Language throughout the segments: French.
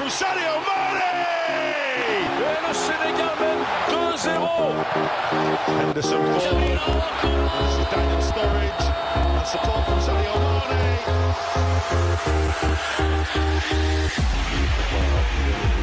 from Sadio Mane! Et le Sénégal mène 2-0. Henderson forward. Daniel Sturridge. And support from Sadio Mane.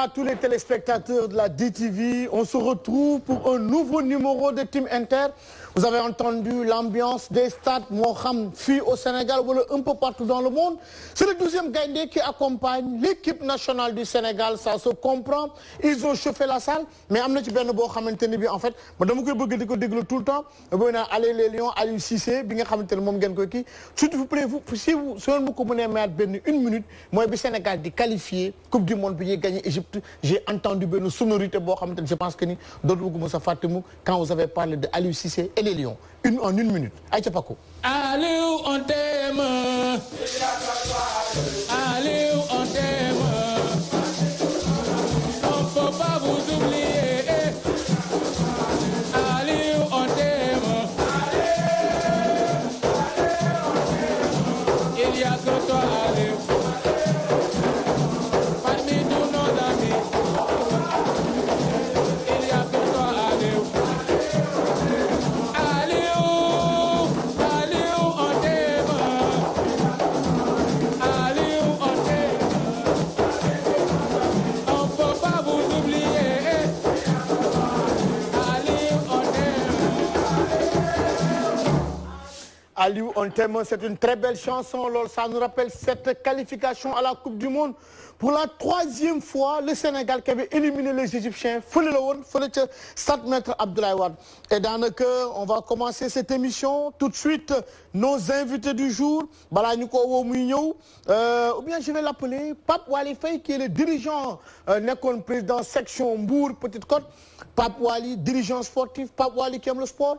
à tous les téléspectateurs de la DTV. On se retrouve pour un nouveau numéro de Team Inter. Vous avez entendu l'ambiance des stades Moham Fi au Sénégal un peu partout dans le monde. C'est le deuxième gagné qui accompagne l'équipe nationale du Sénégal. Ça se comprend. Ils ont chauffé la salle. Mais Amna Tibène Bo bien. en fait, Madame tout le temps. vous plaît, vous, si vous, vous, si vous, vous, si vous, si vous, si vous, si vous, si vous, j'ai entendu le sonorité boo je pense que ni dootu bëgguma sa quand vous avez parlé de Aliou et les Lions une en une minute à ca on t'aime Aliou on c'est une très belle chanson ça nous rappelle cette qualification à la Coupe du Monde pour la troisième fois le Sénégal qui avait éliminé les Égyptiens fële le woon fële Et dans Maître Abdoulaye Wade et on va commencer cette émission tout de suite nos invités du jour euh, ou bien je vais l'appeler Pape Wali Faye qui est le dirigeant le euh, président section bourg, Petite Côte Pape Wali, dirigeant sportif Pape Wali qui aime le sport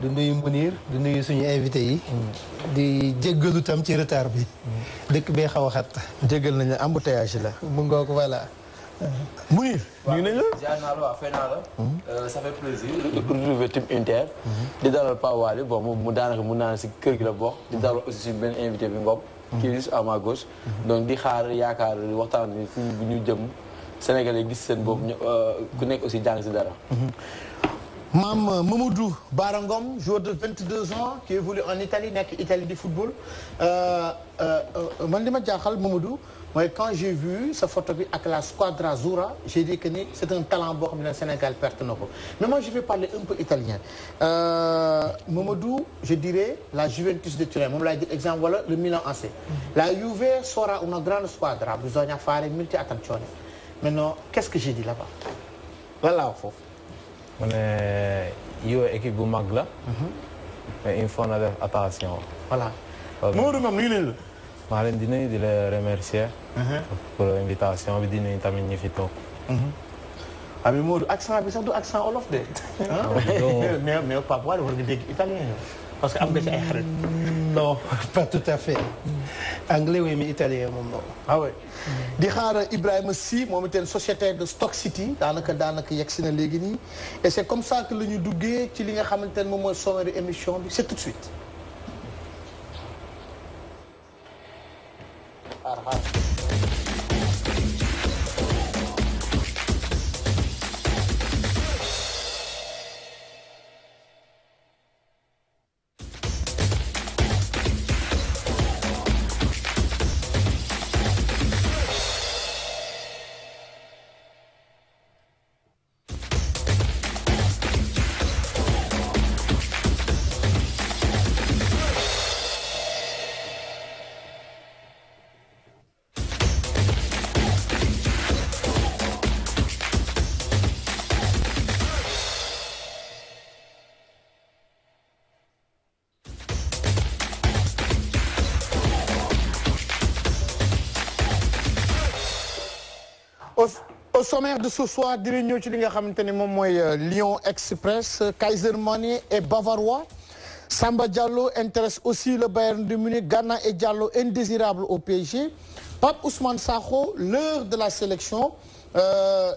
du nuyu Mounir du nuyu suñu invité yi. di jéggalu tam ci retard bi. dëkk bee xaw xat. jéggal nañu ne embouteillage la. mu ngoog voilà. Mounir. nuyu nañ la waaw ziar naa la waaw fay naa di hmm? euh, retrouver Team Inter. Hmm? di mu daanaka mun naa si kër gi la bokk. di hmm? dalal aussi suñu benn invité bi Ngom. kii juste à ma gauche. donc di xaar yaakaar waxtaan bi fu ñu jëm Sénégalais gis seen bopp euh, ku nekk aussi jàng si dara. Mme euh, Mamoudou Barangom, joueur de 22 ans qui est évolue en Italie, n'est Italie du football. Euh, euh, euh Mamoudou, quand j'ai vu sa photo avec la squadra Azura, j'ai dit que c'est un talent bon le Sénégal perd Mais moi, je vais parler un peu italien. Euh, je dirais la Juventus de Turin. dit, exemple, voilà le Milan AC. La Juve sera une grande squadra, besoin fare multi attenzione. Maintenant, qu'est-ce que j'ai dit là-bas Voilà, faut. ma ne yow équipe bu mag la. Mhm. mais il na def attention. voilà Maodo Mam nuyu nañ la. maa leen di la remercier. Mhm. pour invitation bi di nuyu tamit ñi fi toog. Mhm. ami Maodo accent bi sax du accent olof de. Ah, mais mais Pape war nga dégg italien parce que am nga ci mm, non pas tout à fait. anglais oui mais italien non. ah oui di Ibrahim si, Sy moom itam société de Stock City dans daanaka dans si na léegi nii et c'est comme ça que le ñu duggee ci li nga xamante ne sommaire émission bi tout de suite. Ah, ah. au sommaire de ce soir nous Tilinga qui li euh, Lyon Express euh, Kaiser Money et Bavarois Samba Diallo intéresse aussi le Bayern de Munich Ghana et Diallo indésirable au PSG Pape Ousmane Sacho, l'heure de la sélection euh,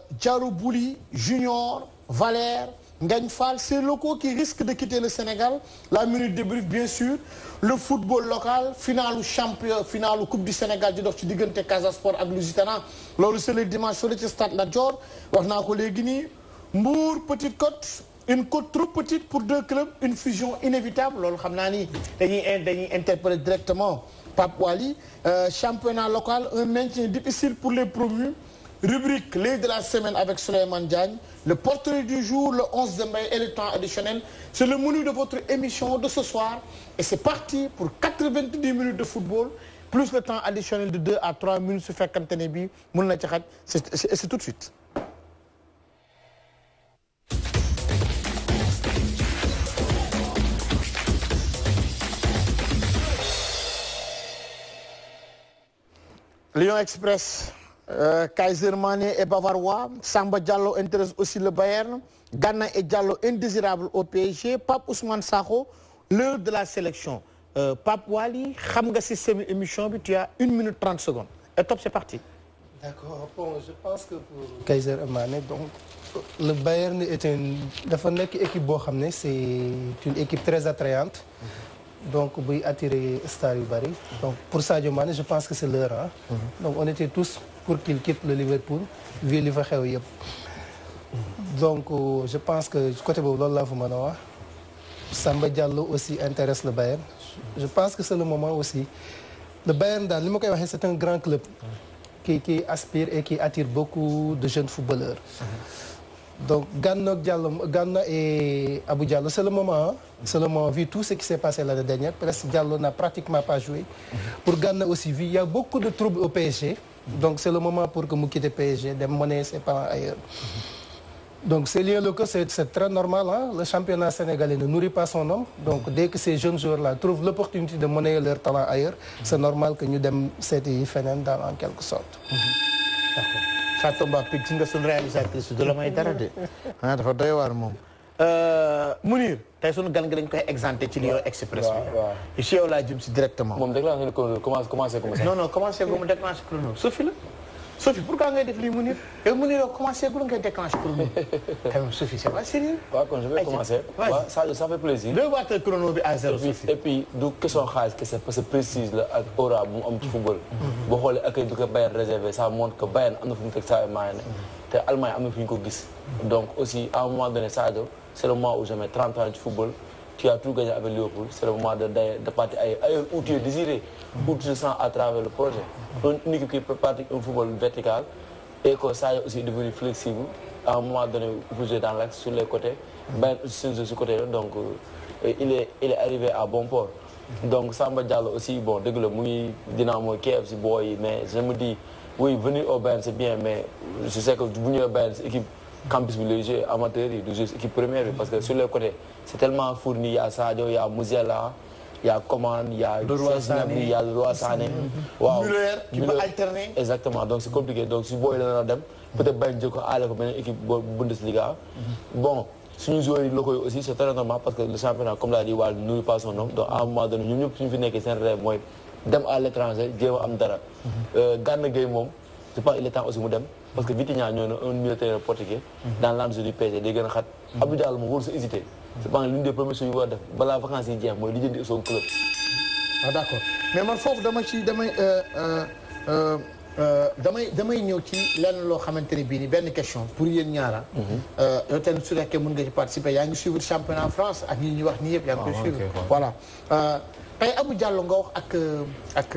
Bouli Junior Valère Ngagne Fall ces locaux qui risquent de quitter le Sénégal la minute de débrief bien sûr le football local ou champion ou coupe du Sénégal di dox ci c'est Casa Sport le Zitana. loolu c'est le dimanche sur le stade Nadjor, on a un collègue nii Mour, Petite Côte une côte trop petite pour deux clubs une fusion inévitable Lors xam directement Pape euh, championnat local un maintien difficile pour les promus Rubrique L'île de la semaine avec Soleiman Diagne. Le portrait du jour, le 11 mai et le temps additionnel. C'est le menu de votre émission de ce soir. Et c'est parti pour 90 minutes de football, plus le temps additionnel de 2 à 3 minutes sur faire Tenebi, C'est tout de suite. Lyon Express euh, Kaiser Mané et bavarois. Samba Diallo intéresse aussi le Bayern. Ghana et Diallo indésirable au PSG. Pape Ousmane Sarko, l'heure de la sélection. Euh, Pape Wali, Khamga et émission, tu as 1 minute 30 secondes. Et top, c'est parti. D'accord. Bon, je pense que pour Kaiser Mané, donc, le Bayern est une, équipe c'est une équipe très attrayante. donc oui attirer Star Barry. Donc pour Sadio Mané, je pense que c'est l'heure. Hein. Mhm. Donc on était tous pour qu'il quitte le Liverpool vu le livre. donc euh, je pense que côté de loolu Samba Diallo aussi intéresse le Bayern je pense que c'est le moment aussi le Bayern c'est un grand club qui aspire et qui attire beaucoup de jeunes footballeurs donc Ghana, et Abu Diallo, c'est le moment. Hein. C'est moment, vu tout ce qui s'est passé l'année dernière. Presque Diallo n'a pratiquement pas joué. Mhm. Pour Ghana aussi, il y a beaucoup de troubles au PSG. Mhm. Donc c'est le moment pour que Mouki le PSG, de monnaie, c'est pas ailleurs. Mhm. Donc c'est lié c'est très normal. Hein. Le championnat sénégalais ne nourrit pas son homme. Donc dès que ces jeunes joueurs-là trouvent l'opportunité de monnayer leur talent ailleurs, c'est normal que nous dem cette en quelque sorte. సత్తం పిచ్చింగ్ సుందరయాలు శాస్త్రి సుధులం అవుతారట photo వారు munir tey sun gan gan dañ koy exempté ci Lyon Express bi. ci yow laa jëm si directement. moom dëgg laa ne commencé commencé. non non commencé ba mu déclenché chrono Sophie la. Sophie pourquoi ngay def lii mu nir yow a nir yow commencé gul ngay déclenché pour nous quand même Sophie c'est pas sérieux. waaw kon je vais commencer. waaw Sadio ça fait plaisir. deux watt chrono bi à zéro. Sophie et puis du question xaalis que parce que précise la ak aura bu mu am ci football. boo xoolee accueil bi que Bayern réservé ça montre que Bayern am na fu mu teg Sadio Mané te Allemagne am na fu ñu ko gis. donc aussi à un moment donné Sadio c'est le moment où jamais 30 ans de football. tu a tout gagné avec le Liverpool, c'est le moment de, partir ailleurs, où tu es désiré, où tu te sens à travers le projet. une équipe qui partir un football vertical et que ça aussi devenu flexible, à un moment donné, vous êtes dans l'axe sur les côtés, ben, sur ce côté donc euh, il, est, il est arrivé à bon port. Donc Samba Diallo aussi, bon, dès que le mouille Dynamo Kiev, c'est boy, mais je me dis, oui, venir au Bain, c'est bien, mais je sais que venir au Bain, c'est équipe campus bi amateur jeux amateurs équipe première parce que sur le côté c'est tellement fourni il y a Sadio il y a Mouziala il y a Coman il y a Nabi il y a Leroy Sané mm-hmm. waaw qui va alterner exactement donc c'est compliqué donc si vous dana dem peut-être bañ Joko ko aale Bundesliga mm-hmm. bon si nous jouons locaux aussi c'est très normal parce que le championnat comme l'a dit Wal, nous pas son nom donc à un moment donné nous ñëpp que c'est un rêve Moi, dem à l'étranger jéem a am dara mm-hmm. euh, Gana je pense il est temps aussi mu dem parce que Vitinha ñoo ne un militaire portugais mhm. dans l'enjeu du PSG day gën a xat mhm. Abdou Diallo moom hésiter je pense l'une des premières choses yu war def balaa vacances yi jeex mooy lijjanti son club ah d'accord mais man foofu dama ci damay euh, euh, euh, damay damay ñëw ci lenn loo xamante ne bii ni benn question pour yéen ñaara ah. yow mhm. tamit su fekkee mën nga ci participer yaa ngi suivre championnat France a ñi ñuy wax nii yëpp yaa ngi ah, suivre voilà tey Abou Diallo nga wax ak ak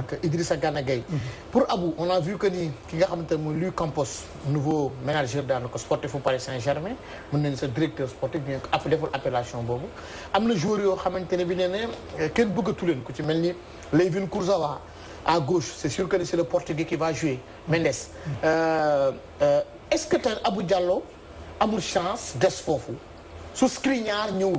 ak Idrissa Gana mhm. pour Abou on a vu que ni ki nga xamantene ne mooy Campos nouveau manager daanaka sportif au Paris Saint-Germain mën nañu sa directeur sportif bien appelé pour appellation boobu amna joueur yo xamantene bi neene eh, ken kenn bëggatu leen ku ci melni Kurzawa à gauche c'est sûr que c'est le portugais qui va jouer Mendes mhm. euh, euh, est-ce que tey Abou Diallo amul chance des sous su Skriniar ñëwul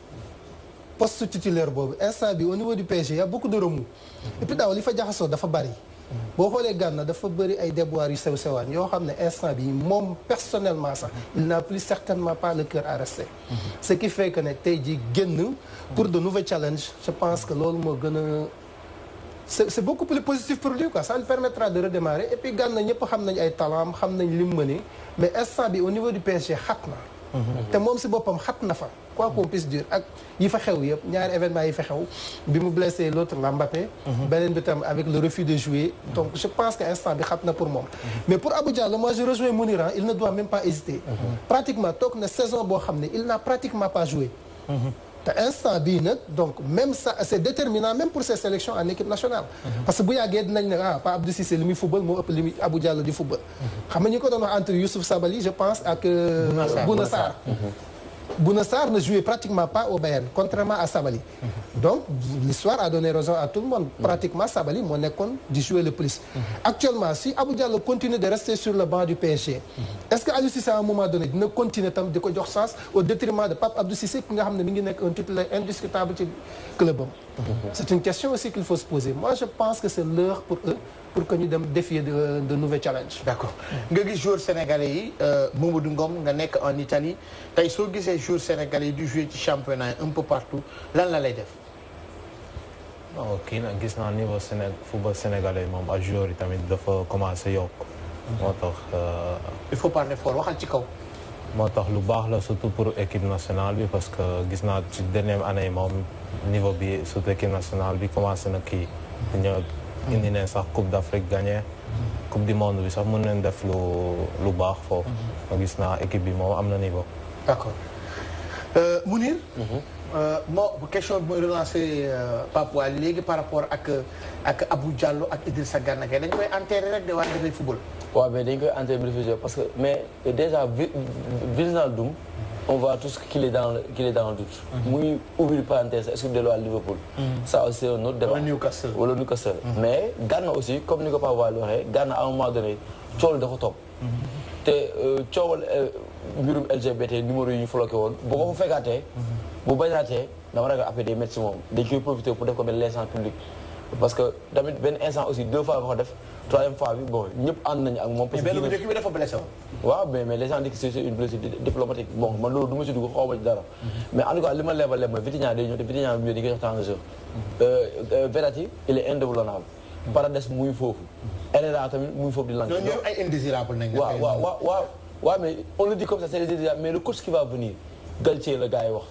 poste titulaire au niveau du PSG il y' a beaucoup de remous. et puis d'ailleurs, li fa bari. ay personnellement ça il n'a plus certainement pas le cœur à rester ce qui fait que pour de nouveaux challenges je pense que c'est beaucoup plus positif pour lui ça lui permettra de redémarrer et puis ay mais au niveau du PSG et moom si boppam xat na fa quoi qu'on puisse dire ak yi fa xew yëpp ñaari événement yi fa xew bi blessé l'autre Mbappé beneen bi avec le refus de jouer donc je pense que instant bi xat na pour moi. mais pour Abou moi je rejoins Mounira hein, il ne doit même pas hésiter pratiquement que na saison boo il n'a pratiquement pas joué te instant bii donc même ça c'est déterminant même pour ces sélections en équipe nationale. Mhm. parce que bu yàggee pas ne ah Pape Abdou Sissé, li football mais ëpp Abou Diallo du football. Mhm. xam nga entre Youssouf Sabali je pense à que euh, Sarr Bouna Sarr mhm. Bounassar ne jouait pratiquement pas au Bayern contrairement à Sabali mhm. donc l'histoire a donné raison à tout le monde mhm. pratiquement Sabali mon école, di jouer le plus mhm. actuellement si Abou Diallo continue de rester sur le banc du PSG est-ce que à un moment donné ne continuer de faire ko au détriment de Pape Abdou Sissé, qui est un titre indiscutable club c'est une question aussi qu'il faut se poser moi je pense que c'est l'heure pour eux pour que nous dem défier de nouveaux challenges. D'accord. accord nga sénégalais yi euh, Mamadou Ngom nga en Italie tey soo ces joueurs sénégalais du jouer championnat un peu partout lan la lay def. non kii nag gis niveau football sénégalais moom joueur joueurs dafa commencé yok. Euh, il faut parler fort waxal ci kaw. moo tax lu baax la surtout pour l'équipe nationale parce que gis naa ci dernière année le niveau de l'équipe équipe nationale bi commencé être kii indi nañ sax coupe d'Afrique gagné, coupe du monde bi sax mën nañ def lu lu baax foofu mhm. ma gis naa équipe bi moom am na niveau d'accord euh, Mounir moo mhm. euh, question bi mooy relancé euh, Pape Waly léegi par rapport ak ak Abou Diallo ak Idrissa Gana Gueye dañ koy enterré rek de waa dafay football waaw mais dañ koy enterré parce que mais déjà Villenaldoum on voit tout ce qu'il est dans qu'il est dans le doute. Mm -hmm. Oui, ouvre parenthèse, est-ce que de l'eau à Liverpool mm Ça aussi un autre débat. Ou le Newcastle. Ou le Newcastle. Mhm. Mais Ghana aussi, comme nous ne pas voir le Ghana à un moment donné, Tchol de Rotom. Mhm. Tchol, euh, euh, Murum LGBT, numéro 1, il faut que vous fait gâter. Vous pouvez gâter, mais vous avez appelé des médecins, des chirurgiens, profiter pour faire comme les gens publics. Parce que David Ben Insan aussi, deux fois, vous avez fait troisième fois bon mais les gens disent que c'est une blessure diplomatique bon mais en tout cas de euh, euh, il est indéboulonnable. Paradès muy muy mais on le dit comme ça c'est mais le coach qui va venir Galtier le gars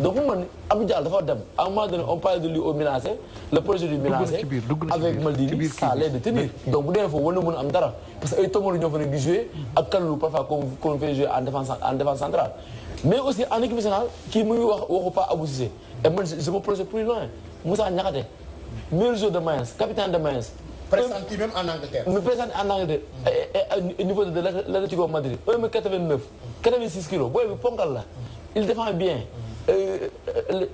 donc dem à moment on parle de lui au menacé le projet du menacé avec Maldini ça allait de tenir donc vous faut vous war na mën parce que tout le monde fa nekk jouer ak kanalu parfois qu'on fait jouer en défense en défense centrale mais aussi en équipe nationale qui ne ngi pas abuser. et moi, je me projette plus loin Moussa Niakhaté meilleur joueur de Mainz, capitaine de Mayence Présenté même en Angleterre. Me présente en Angleterre. au niveau de l'Atlético Madrid. Il 89 86 kilos. Il défend bien euh, euh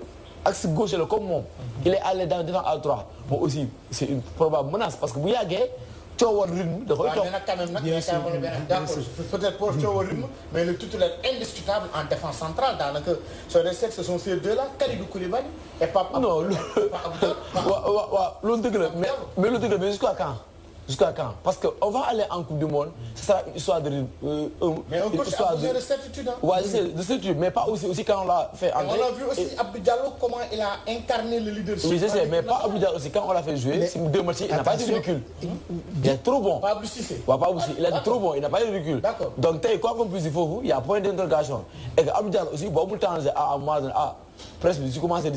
axe gauche comme moi, il est allé dans devant à 3 aussi c'est une probable menace parce que vous yàggee coowal rythme de un peut être pour le rythme mais le est indiscutable en défense centrale dans le sur les reste, ce sont ces deux là Kalidou Koulibaly et papa. non loolu mais mais le mais jusqu'à quand. Jusqu'à quand Parce qu'on va aller en Coupe du Monde, ce sera une histoire de. Euh, mais on peut de... certitude. Hein. Oui, de certitude, mais pas aussi, aussi quand on l'a fait entrer. On a vu aussi Abidjalo comment il a incarné le leadership. Oui, je sais, mais pas Abdou aussi, quand on l'a fait jouer, c'est deux matchs, il n'a pas de recul. Il est trop bon. Pas aussi, pas aussi Il est trop bon, il n'a pas de recul. D'accord. Donc, tu es quoi qu'on puisse faut il y a point d'interrogation. Et que aussi, beaucoup de temps, à Amazon, à presque, tu commences à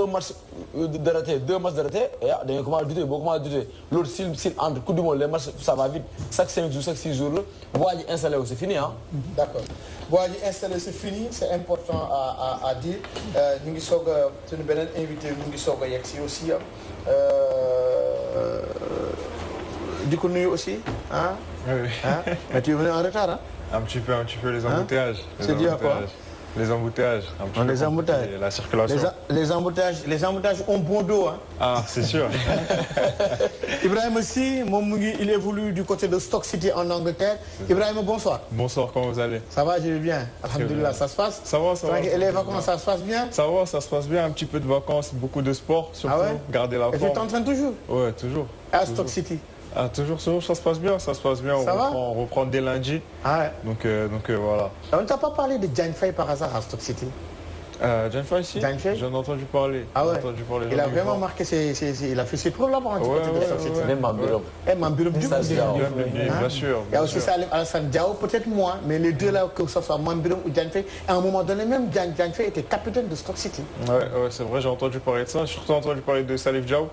un match euh, de raté, deux matchs de raté, et ah, comment douter, beaucoup moins douter. L'autre, s'il entre coup du Monde, les matchs, ça va vite. Chaque 5 jours, chaque 6 jours, Boagy installé, c'est fini. Hein? Mm-hmm. D'accord. Boagy installé, c'est fini, c'est important à, à, à dire. Euh, sommes c'est une belle invité, Ningisoga Yaksi aussi. Hein? Euh, du coup, nous aussi. Hein? Oui. Hein? Mais tu es venu en retard. Hein? Un petit peu, un petit peu les embouteillages. Hein? C'est dur à quoi les embouteillages. Un les embouteillages. La circulation. Les, embouteillages, les embouteillages ont bon dos. Hein. Ah, c'est sûr. Ibrahim aussi, il évolue du côté de Stock City en Angleterre. Ibrahim, bonsoir. Bonsoir, comment vous allez Ça va, je vais bien. Alhamdulillah, ça se passe Ça va, ça va. Et les vacances, ça se passe bien Ça va, ça se passe bien. Un petit peu de vacances, beaucoup de sport, surtout. Ah ouais Garder la forme. Et tu t'entraînes toujours Ouais, toujours. À Stock City ah, toujours ce ça se passe bien, ça se passe bien. on, Reprend, dès lundi. Ah Donc, euh, donc euh, voilà. On ne t'a pas parlé de Jane Fay par hasard à Stock City euh, J'en ai entendu parler. Ah parler il a vraiment marqué ses, il a fait ses preuves là-bas. Ouais, ouais, Même Même eh, du Bien hein? sûr. Il y a aussi Alassane Diao, peut-être moins, mais les deux là, que ce soit Mambirum ou Janfa, à un moment donné, même Janfa était capitaine de Stock City. Ouais, ouais c'est vrai, j'ai entendu parler de ça. J'ai surtout entendu parler de Salif Diao,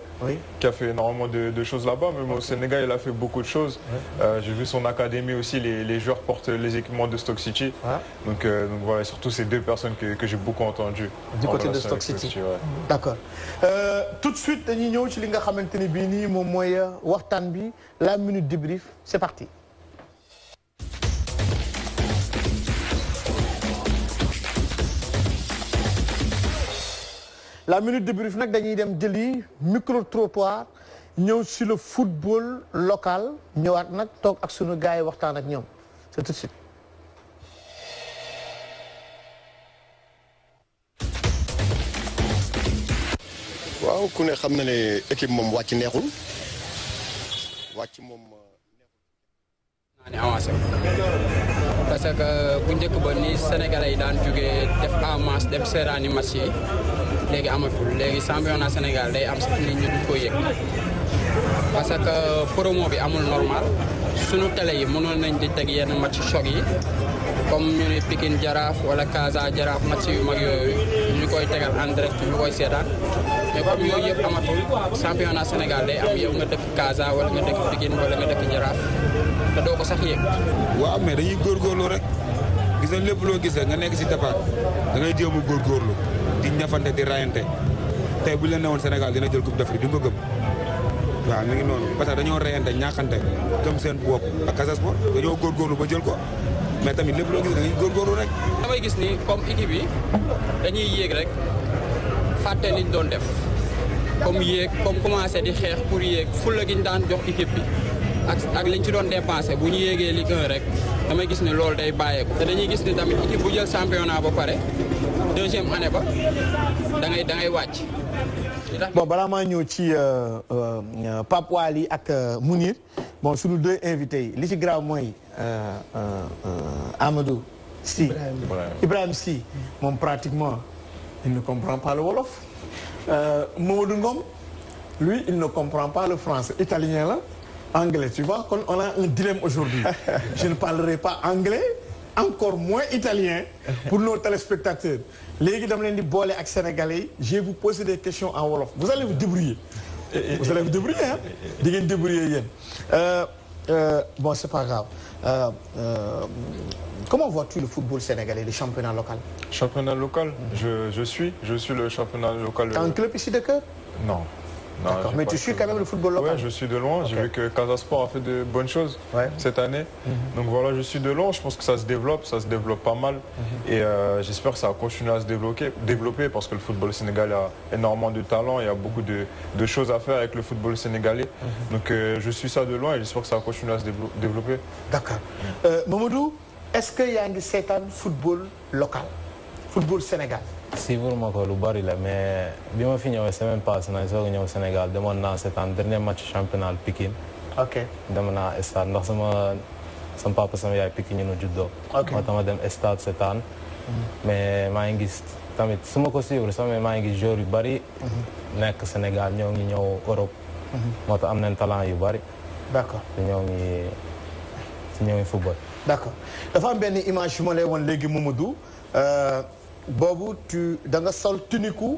qui a fait énormément de, choses là-bas. Même au Sénégal, il a fait beaucoup de choses. Euh, j'ai vu son académie aussi, les, joueurs portent les équipements de Stock City. Euh, donc, voilà, surtout ces deux personnes que, j'ai beaucoup entendu entendu. du côté de Stock City D'accord. Euh, tout de suite euh, la minute débrief brief. C'est parti. la minute brief, nous avons dem le micro trottoir nous sur le football local ñëwaat ak sunu gars yi C'est tout de suite. waaw ku ne xam na ne équipe moom wàcc neexul wàcc moom. Euh, naa ne avancé parce que bu njëkk ba ni Sénégalais yi daan jógee def en masse dem seeraani match yi léegi amatul léegi championnat Sénégal day am sax nit ñi duñ ko yëg parce que promo bi amul normal sunu télé yi mënoon nañ di teg yenn match choc yi. comme ñu ne Pikine Jaraaf wala Casa Jaraaf match yu mag yooyu ñu koy tegal en direct ñu koy seetaan mais comme yooyu yëpp amatul championnat Sénégal day am yow nga dëkk Casa wala nga dëkk Pikine wala nga dëkk Jaraaf te doo ko sax dañuy góorgóorlu rek gis lépp loo gis nga nekk si départ da ngay jéem a góorgóorlu di ñafante di rayante te bu ñu la newoon Sénégal dina jël Coupe d'Afrique du nga gëm. waa mu ngi noonu parce que dañoo reyante ñaaxante gëm seen bopp a Casa Sport dañoo góorgóorlu ba jël ko. mais tamit lépp loo gis dañuy góorgóorlu rek. damay gis ni comme équipe yi dañuy yéeg rek fàtte liñ doon def comme yéeg comme commencé di xeex pour yéeg fulla gi daan jox équipe bi ak ak liñ ci doon dépensé bu ñu yéegee li 1 rek damay gis ne loolu day bàyyeeku. te dañuy gis ni tamit équipe bu jël championnat ba pare deuxième année ba da ngay da ngay wàcc. bon balaa maa ñëw ci euh, euh, Pape Waly ak euh, Mounir bon sunu deux invités yi li ci grave mooy. Euh, euh, euh, Amadou Si, Ibrahim Si, mon pratiquement il ne comprend pas le wolof. Mamadou Ngom lui il ne comprend pas le français italien là anglais tu vois on a un dilemme aujourd'hui je ne parlerai pas anglais encore moins italien pour nos téléspectateurs Les di sénégalais je vais vous poser des questions en wolof vous allez vous débrouiller eh, eh, vous allez eh, vous débrouiller hein. débrouiller bon c'est pas grave euh, euh, comment vois-tu le football sénégalais, le championnat local Championnat local, je, suis. Je suis le championnat local. un euh, club ici de cœur Non mais tu suis quand même le football local. Oui, je suis de loin. J'ai vu que Casasport a fait de bonnes choses cette année. Mhm. Donc voilà, je suis de loin. Je pense que ça se développe, ça se développe pas mal. Mhm. Et euh, j'espère que ça va continuer à se développer, développer parce que le football sénégalais a énormément de talent. Il y a beaucoup de, choses à faire avec le football sénégalais. Mhm. Donc euh, je suis ça de loin et j'espère que ça va continuer à se développer. D'accord. Mm. Euh, est-ce qu'il y a un football local Football sénégal suivre ma ko lu mm-hmm. bari la mais bi ma fi ñëwee semaine passée nag soog a ñëw Sénégal demoon naa seetaan dernier match championnat Pikine. ok dem naa stade ndax sama sama papa sama yaay Pikine ñu juddoo. ok moo tax ma dem stade seetaan. mais maa ngi gis tamit su ma ko suivre sax mais maa ngi gis joueurs yu bari. nekk senegal ñoo ngi ñëw Europe. moo tax am nañ talan yu bari. d'accord ñoo ngi ñoo ngi Bobu, tu dans nga sol tuniku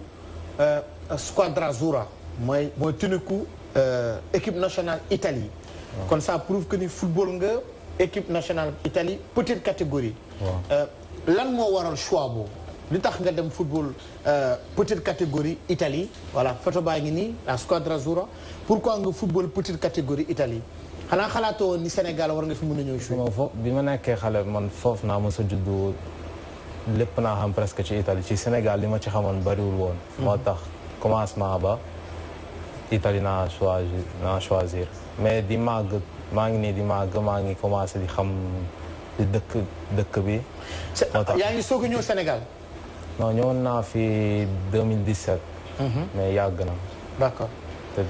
euh, squadra Zura, moi mooy tuniku euh, équipe nationale Italie comme ça prouve que le football nga équipe nationale Italie petite catégorie euh, lan moo waral choix bo, li tax nga dem football petite catégorie Italie voilà photo baa ngi la squadra Zura, pourquoi nga football petite catégorie Italie xanaa xalaatoo ni Sénégal war nga fi mën a Je jouer bi ma man na lépp naa xam presque ci Italie ci Sénégal li ma ci xamoon bariwul woon. Hmm. moo tax commencement ba Italie naa choisir naa mais di màgg maa ngi nii di màgg maa ngi commencé di xam dëkk dëkk bi. moo tax yaa ngi soog a ñëw Sénégal. non ñëwoon naa fi 2017. Hmm. mais yàgg na. d'accord te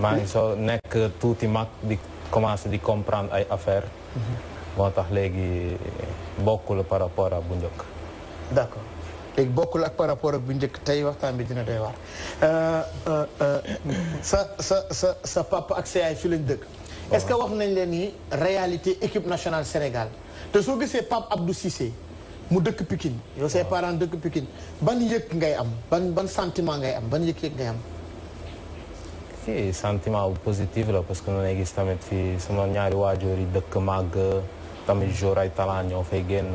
maa ngi soo nekk tuuti mag di commencé di comprendre ay affaires. Hmm. moo tax léegi bokkul par rapport ak bu njëkk. d' accord léegi bokkul ak par rapport ak bu njëkk tey waxtaan bi dina doy waar. Euh, euh, euh, sa sa sa sa papa ak sa yaay fi lañ dëkk. est que wax nañ leen ni réalité équipe nationale Sénégal te soo gisee Pape Abdou Cissé mu dëkk Pikine. yow say parents dëkk Pikine ban yëg ngay am ban ban sentiment ngay am ban yëg-yëg ngay am. si sentiment bu positif la parce que nu ne gis tamit fi sama ñaari waajur yi dëkk màgg tamit jour ay talent ñoo fay génn.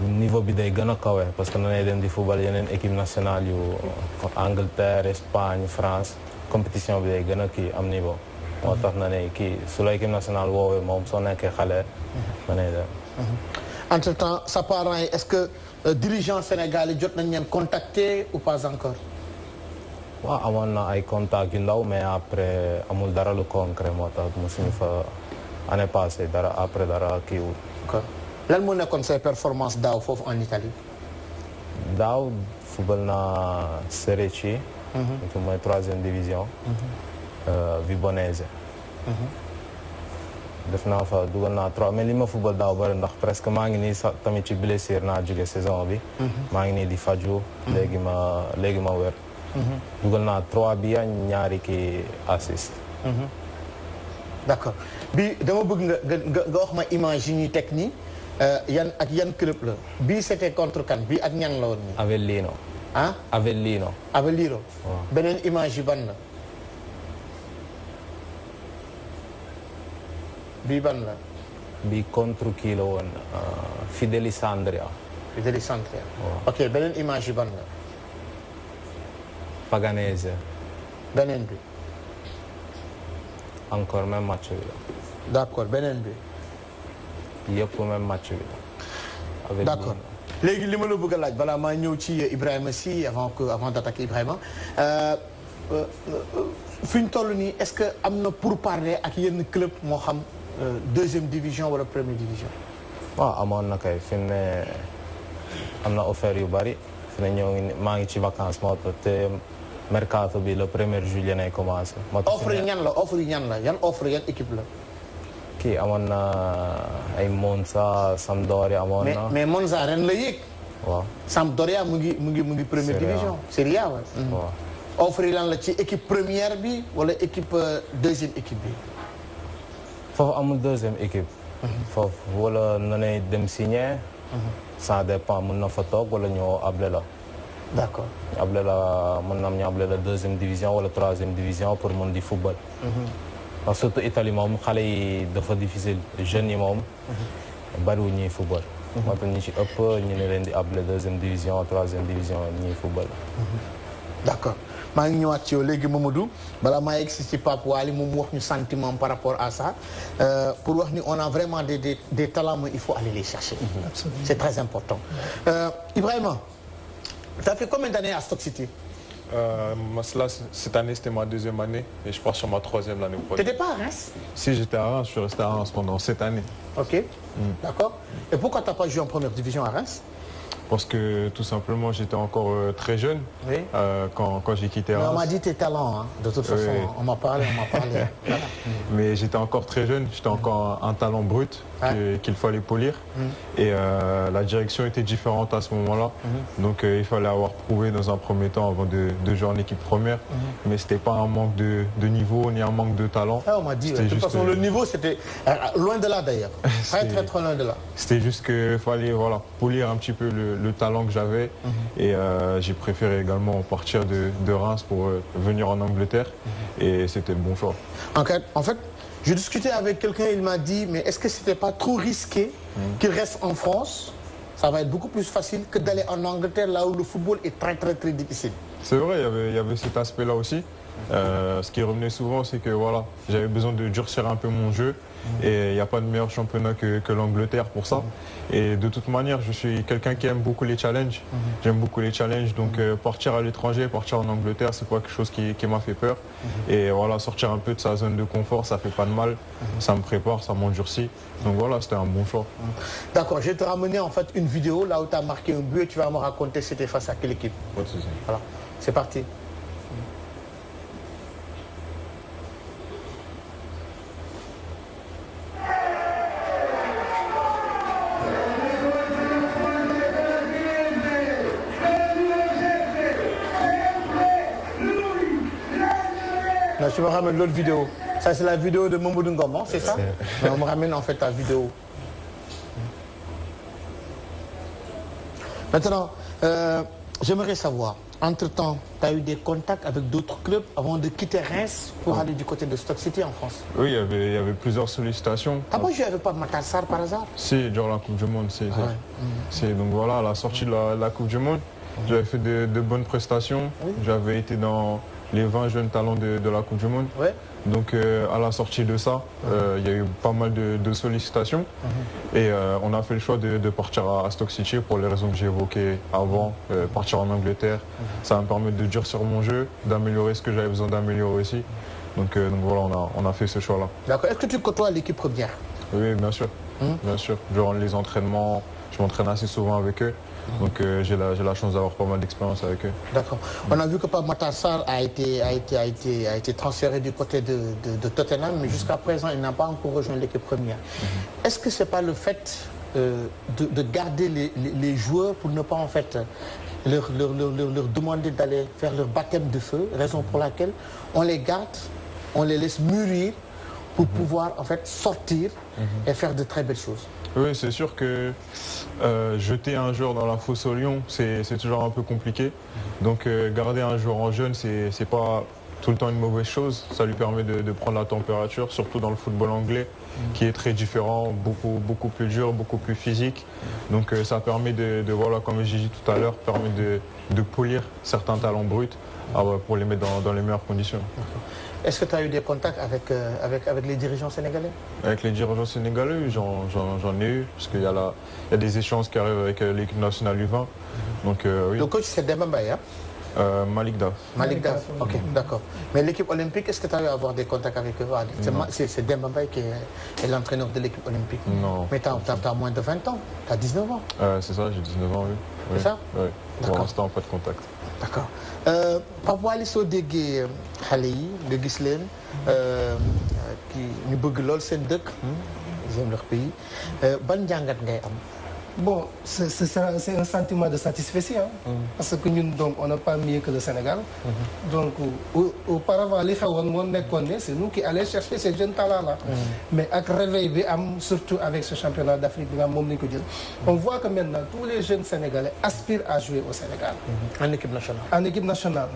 niveau bi day gën a kawe parce que nanay dem di football yeneen équipe nationale yu Angleterre Espagne France compétition bi day gën a kii am niveau moo tax na ne kii su la équipe nationale woowee moom soo nekkee xale na nay dem entre temps sa parents yi est-ce que euh, dirigeant Sénégal yi jot nañ leen contacter ou pas encore waaw amoon na ay contact yu ndaw mais après amul dara lu concret moo tax mu suñu fa année passée dara après dara kiiwul lan mo nekkoon say performance daaw foofu en Italie. daaw football naa Serie C. mooy mhm. troisième division. Mhm. Euh, Vibonese. Mhm. def naa fa dugal naa trois mais li ma football daaw bëri ndax presque maa ngi nii tamit ci blessure naa jóge saison bi. maa ngi nii di faju léegi ma léegi ma wér. dugal naa trois bi ñaari ki assist. d' accord bi dama bëgg nga nga nga wax ma image yi ñuy teg nii Eh, yan ak yan club la bii c'était contre kan bii ak ñan la woon nii Avellino ah Avellino Avellino oh. beneen image yi ban la bii ban la bii contre kii la woon ah, Fidelisandria Fidelisandria oh. ok beneen image yi ban la Paganese beneen bi encore même match bi la d'accord beneen bi pour même match d'accord Les li ma la bëgg a laaj balaa si avant que avant d'attaquer vraiment. Euh, euh, euh, fi est-ce que pour parler à qui est le club moo deuxième division ou la première division. Ah, amoon na kay fi mu offert yu bari fi ne vacances moi, peut te mercato bi le premier juillet nay commence. offre yi ñan la offre yi ñan la offre équipe la. kii amoon na eh, ay Monza Sampdoria amoon na. mais mais Monza ren la Sampdoria mu ngi mu ngi mu ngi première division. Serie A mhm. waaw. lan la ci équipe première bi wala équipe euh, deuxième équipe bi. foofu amul deuxième équipe. Mhm. foofu wala na ne dem signé. Mhm. ça dépend mën na fa toog wala ñoo able la. mën na am ñu able la deuxième division wala troisième division pour mën di football. parce que surtout Italie moom il est difficile jeune yi moom. bariwul ñuy football. Maintenant, tax est ci ëpp ñu ne deuxième division troisième division ni football. D'accord. Je tu ngi ñëwaat ci yow Mamadou balaa ma existe si ci pas pour aller wax ñu sentiment par rapport à ça euh, pour wax on a vraiment des talents mais il faut aller les chercher. C'est très important. Euh, Ibrahima tu as fait combien d'années à Stock City. Euh, cela cette année, c'était ma deuxième année et je pars sur ma troisième l'année prochaine. T'étais pas à Reims Si, j'étais à Reims. Je suis resté à Reims pendant cette année. Ok, mm. d'accord. Et pourquoi tu n'as pas joué en première division à Reims parce que tout simplement, j'étais encore euh, très jeune euh, quand, j'ai quitté Reims. on m'a dit tes talents, hein. de toute façon, on m'a parlé, on m'a parlé. Mais j'étais encore très jeune, j'étais encore un talent brut qu'il fallait polir. Mhm. Et euh, la direction était différente à ce moment-là. Mhm. Donc euh, il fallait avoir prouvé dans un premier temps avant de, jouer en équipe première. Mhm. Mais c'était pas un manque de, niveau ni un manque de talent. Ah, on m'a dit, de toute façon, le niveau, c'était euh, loin de là d'ailleurs. très, très, loin de là. C'était juste qu'il fallait voilà, polir un petit peu le, talent que j'avais. Et j'ai préféré également partir de, Reims pour venir en Angleterre. Et c'était le bon choix. en fait je discutais avec quelqu'un, il m'a dit, mais est-ce que ce n'était pas trop risqué qu'il reste en France Ça va être beaucoup plus facile que d'aller en Angleterre, là où le football est très, très, très difficile. C'est vrai, il y avait, cet aspect-là aussi. Euh, ce qui revenait souvent, c'est que voilà, j'avais besoin de durcir un peu mon jeu. Et il n'y a pas de meilleur championnat que, l'Angleterre pour ça. Et de toute manière, je suis quelqu'un qui aime beaucoup les challenges. J'aime beaucoup les challenges. Donc euh, partir à l'étranger, partir en Angleterre, c'est pas quelque chose qui, m'a fait peur. Et voilà, sortir un peu de sa zone de confort, ça fait pas de mal. Ça me prépare, ça m'endurcit. Donc voilà, c'était un bon choix. D'accord, je vais te ramener en fait une vidéo là où tu as marqué un but et tu vas me raconter c'était face à quelle équipe. Voilà, c'est parti. Je tu me ramènes l'autre vidéo. Ça, c'est la vidéo de Momo hein, c'est ça On me ramène en fait la vidéo. Maintenant, euh, j'aimerais savoir, entre-temps, tu as eu des contacts avec d'autres clubs avant de quitter Reims pour oh. aller du côté de Stock City en France Oui, il y avait, il y avait plusieurs sollicitations. Ah bon, je n'avais pas Matassar par hasard Si, durant la Coupe du Monde, c'est ça. Ah donc voilà, à la sortie de la, Coupe du Monde, j'avais fait de, bonnes prestations. J'avais été dans les 20 jeunes talents de, la Coupe du Monde. Donc euh, à la sortie de ça, euh, il y a eu pas mal de, sollicitations mhm. et euh, on a fait le choix de, partir à, Stock City pour les raisons que j'ai évoquées avant, partir en Angleterre. Mhm. Ça me permettre de sur mon jeu, d'améliorer ce que j'avais besoin d'améliorer aussi. Donc, voilà, on a, fait ce choix-là. D'accord. Est-ce que tu côtoies l'équipe première Oui, bien sûr. Hein bien sûr. Durant les entraînements, je m'entraîne assez souvent avec eux. Donc euh, j'ai la, chance d'avoir pas mal d'expérience avec eux. D'accord. On a vu que Matassar a été, a, été, a, été, a été transféré du côté de, Tottenham, mais jusqu'à présent, il n'a pas encore rejoint l'équipe première. Mhm. Est-ce que ce n'est pas le fait euh, de, garder les, joueurs pour ne pas en fait leur, leur, demander d'aller faire leur baptême de feu, raison pour laquelle on les garde, on les laisse mûrir pour mhm. pouvoir en fait sortir mhm. et faire de très belles choses oui, c'est sûr que euh, jeter un joueur dans la fosse au lion, c'est toujours un peu compliqué. Donc euh, garder un joueur en jeune, n'est pas tout le temps une mauvaise chose. Ça lui permet de, prendre la température, surtout dans le football anglais, qui est très différent, beaucoup, beaucoup plus dur, beaucoup plus physique. Donc euh, ça permet de, comme j'ai dit tout à l'heure, permet de, de, polir certains talents bruts ah pour les mettre dans les meilleures conditions. Est-ce que tu as eu des contacts avec, euh, avec, avec les dirigeants sénégalais Avec les dirigeants sénégalais, j'en ai eu, parce qu'il y, a la, y a des échanges qui arrivent avec euh, l'équipe nationale U20. Mhm. Donc, euh, oui. Le coach, c'est Demambay, hein euh, Malik Daf. Malik Daf, ok, d'accord. Mais l'équipe olympique, est-ce que tu as eu à avoir des contacts avec eux ah, C'est Dembambaye qui est, l'entraîneur de l'équipe olympique. Non. Mais tu as, moins de 20 ans, tu as 19 ans. c'est ça, j'ai 19 ans, oui. C'est ça Oui. Pour l'instant, pas de contact. D'accord. Euh, Pape Waly soo déggee euh, xale yi nga gis leen euh, ki ñu bëgg lool seen dëkk ils hmm, aiment leur pays ban njàngat ngay am Bon, c'est un sentiment de satisfaction, hein. mm. parce que nous, on n'a pas mieux que le Sénégal. Mm-hmm. Donc, auparavant, les c'est nous qui allions chercher ces jeunes talents-là. Mm. Mais avec Réveil, surtout avec ce championnat d'Afrique, mm. on voit que maintenant, tous les jeunes Sénégalais aspirent à jouer au Sénégal. Mm-hmm. En équipe nationale. En équipe nationale.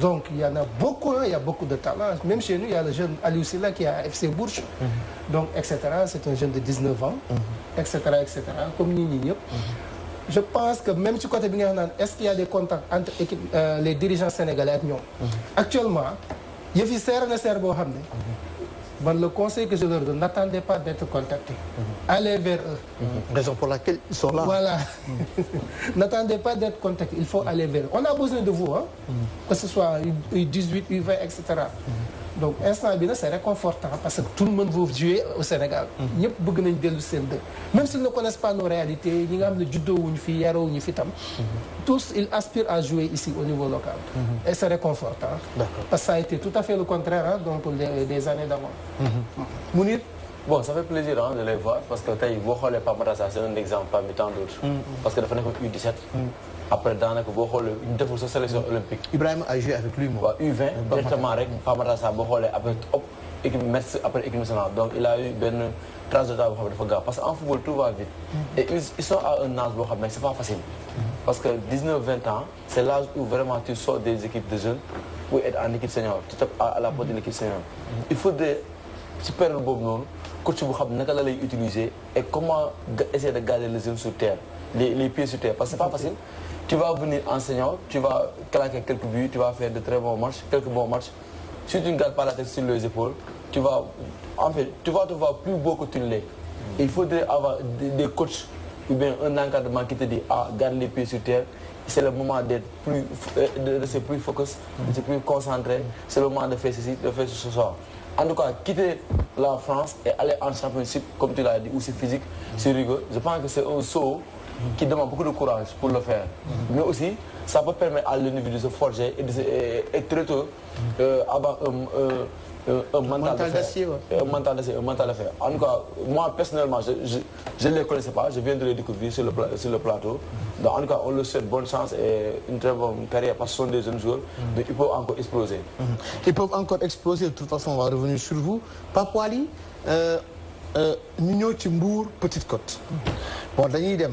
Donc, il y en a beaucoup, hein, il y a beaucoup de talents. Même chez nous, il y a le jeune Aliou qui est à FC Bourges, mm-hmm. donc, etc. C'est un jeune de 19 ans etc etc comme je pense que même si côté bi est-ce qu'il y a des contacts entre euh, les dirigeants sénégalais actuellement le conseil que je leur donne n'attendez pas d'être contacté. allez vers eux. raison pour laquelle ils sont là. voilà n'attendez pas d'être contacté il faut aller vers eux on a besoin de vous hein. que ce soit 18 U20 etc donc instant c'est réconfortant parce que tout le monde veut jouer au Sénégal. même s'ils ne connaissent pas nos réalités ñi nga judo Judo ou une fi yaro tous ils aspirent à jouer ici au niveau local. et c'est réconfortant. parce que ça a été tout à fait le contraire hein, donc les années d'avant. Mounir. Bon, ça fait plaisir hein, de les voir parce que ils voient les ça c'est un exemple parmi tant d'autres. Mm. Parce que la fois, U17 après il boo xoolee ñu deful sa sélection olympique. Ibrahima a joué avec lui moom. U20 directement rek Famara sa bo xolé après équipe merci après équipe nationale donc il a eu ben trajectoire de parce qu'en football tout va vite. Mm-hmm. et ils sont à un âge mais ce c'est pas facile. Mm-hmm. parce que 19 20 ans c'est l'âge où vraiment tu sors des équipes de jeunes pour être en équipe senior tu tapes à la porte d'une équipe senior. Mm-hmm. il faut des super période noms noonu coach bu xam naka utiliser et comment essayer de garder les jeunes sur terre les pieds sur terre parce que c'est pas facile tu vas venir enseignant, tu vas claquer quelques buts, tu vas faire de très bons matchs, quelques bons matchs. Si tu ne gardes pas la tête sur les épaules, tu vas, en fait, tu vas te voir plus beau que tu l'es. Il faudrait avoir des, coachs ou bien un encadrement qui te dit à ah, garde les pieds sur terre, c'est le moment d'être plus, euh, de plus focus, de se plus concentré, c'est le moment de faire ceci, de faire ce soir. En tout cas, quitter la France et aller en championship, comme tu l'as dit, où c'est physique, c'est rigolo, je pense que c'est un saut qui demande beaucoup de courage pour le faire. Mhm. Mais aussi, ça peut permettre à l'individu de se forger et, très tôt euh, avoir euh, euh, un, mental mental d'acier, un, mental d'acier. Un mental En tout cas, moi personnellement, je ne les connaissais pas, je viens de les découvrir sur le, plateau. Mhm. Donc, en tout cas, on le souhaite bonne chance et une très bonne carrière parce que ce sont des jeunes joueurs, mais mhm. ils peuvent encore exploser. Ils peuvent encore exploser, de toute façon, on va revenir sur vous. Papouali, euh, Nino Timbour, Petite Côte. Bon, dernier Idem.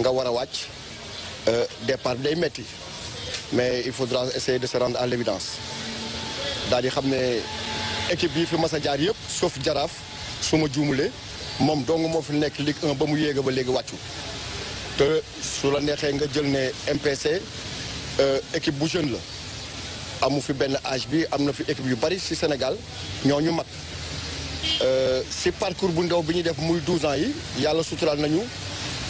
nga wara wacc wàcc euh, départ day metti mais il faudra essayer de se rendre à l'évidence daal di xam ne équipe bi fi mas a jaar yépp sauf jaraaf su ma juumulee moom dong moo fi nekk Ligue 1 ba mu yéega ba léegi wàccu te su la neexee nga jël ne MPC euh, équipe bu jeune la amu fi benn âge bi am na fi équipe yu bari ci Sénégal ñooñu mag ci euh, parcours bu ndaw bi ñuy def muy 12 ans yi yàlla suturaal nañu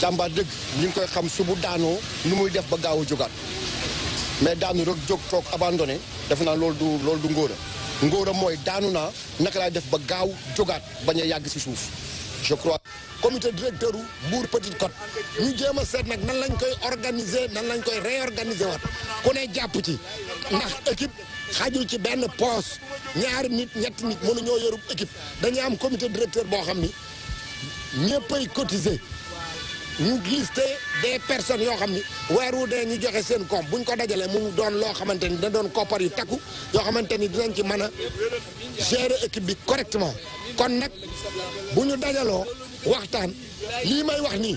jàmbaar dëgg ñu ngi koy xam su bu daanoo nu muy def ba gaaw jogaat mais daanu rek jóg toog abandonné def naa loolu du loolu du ngóora ngóora mooy daanu naa naka laay def ba gaaw jógaat bañ yàgg si suuf je crois. comité directeur u Mbour ñu jéem a seet nag nan lañ koy organiser nan lañ koy réorganiser waat ku jàpp ci ndax équipe xajul ci benn poste ñaar nit ñett nit mënuñoo yorub équipe dañuy am comité directeur boo xam ni ñëppay cotiser. ñu liste des personnes yoo xam ni weer wu dee ñu joxe seen koom buñ ko dajalee mu doon loo xamante ni da doon koppar yu takku yoo xamante ni dinañ ci mën a gérer équipe bi correctement kon nag bu ñu dajaloo waxtaan. lii may wax nii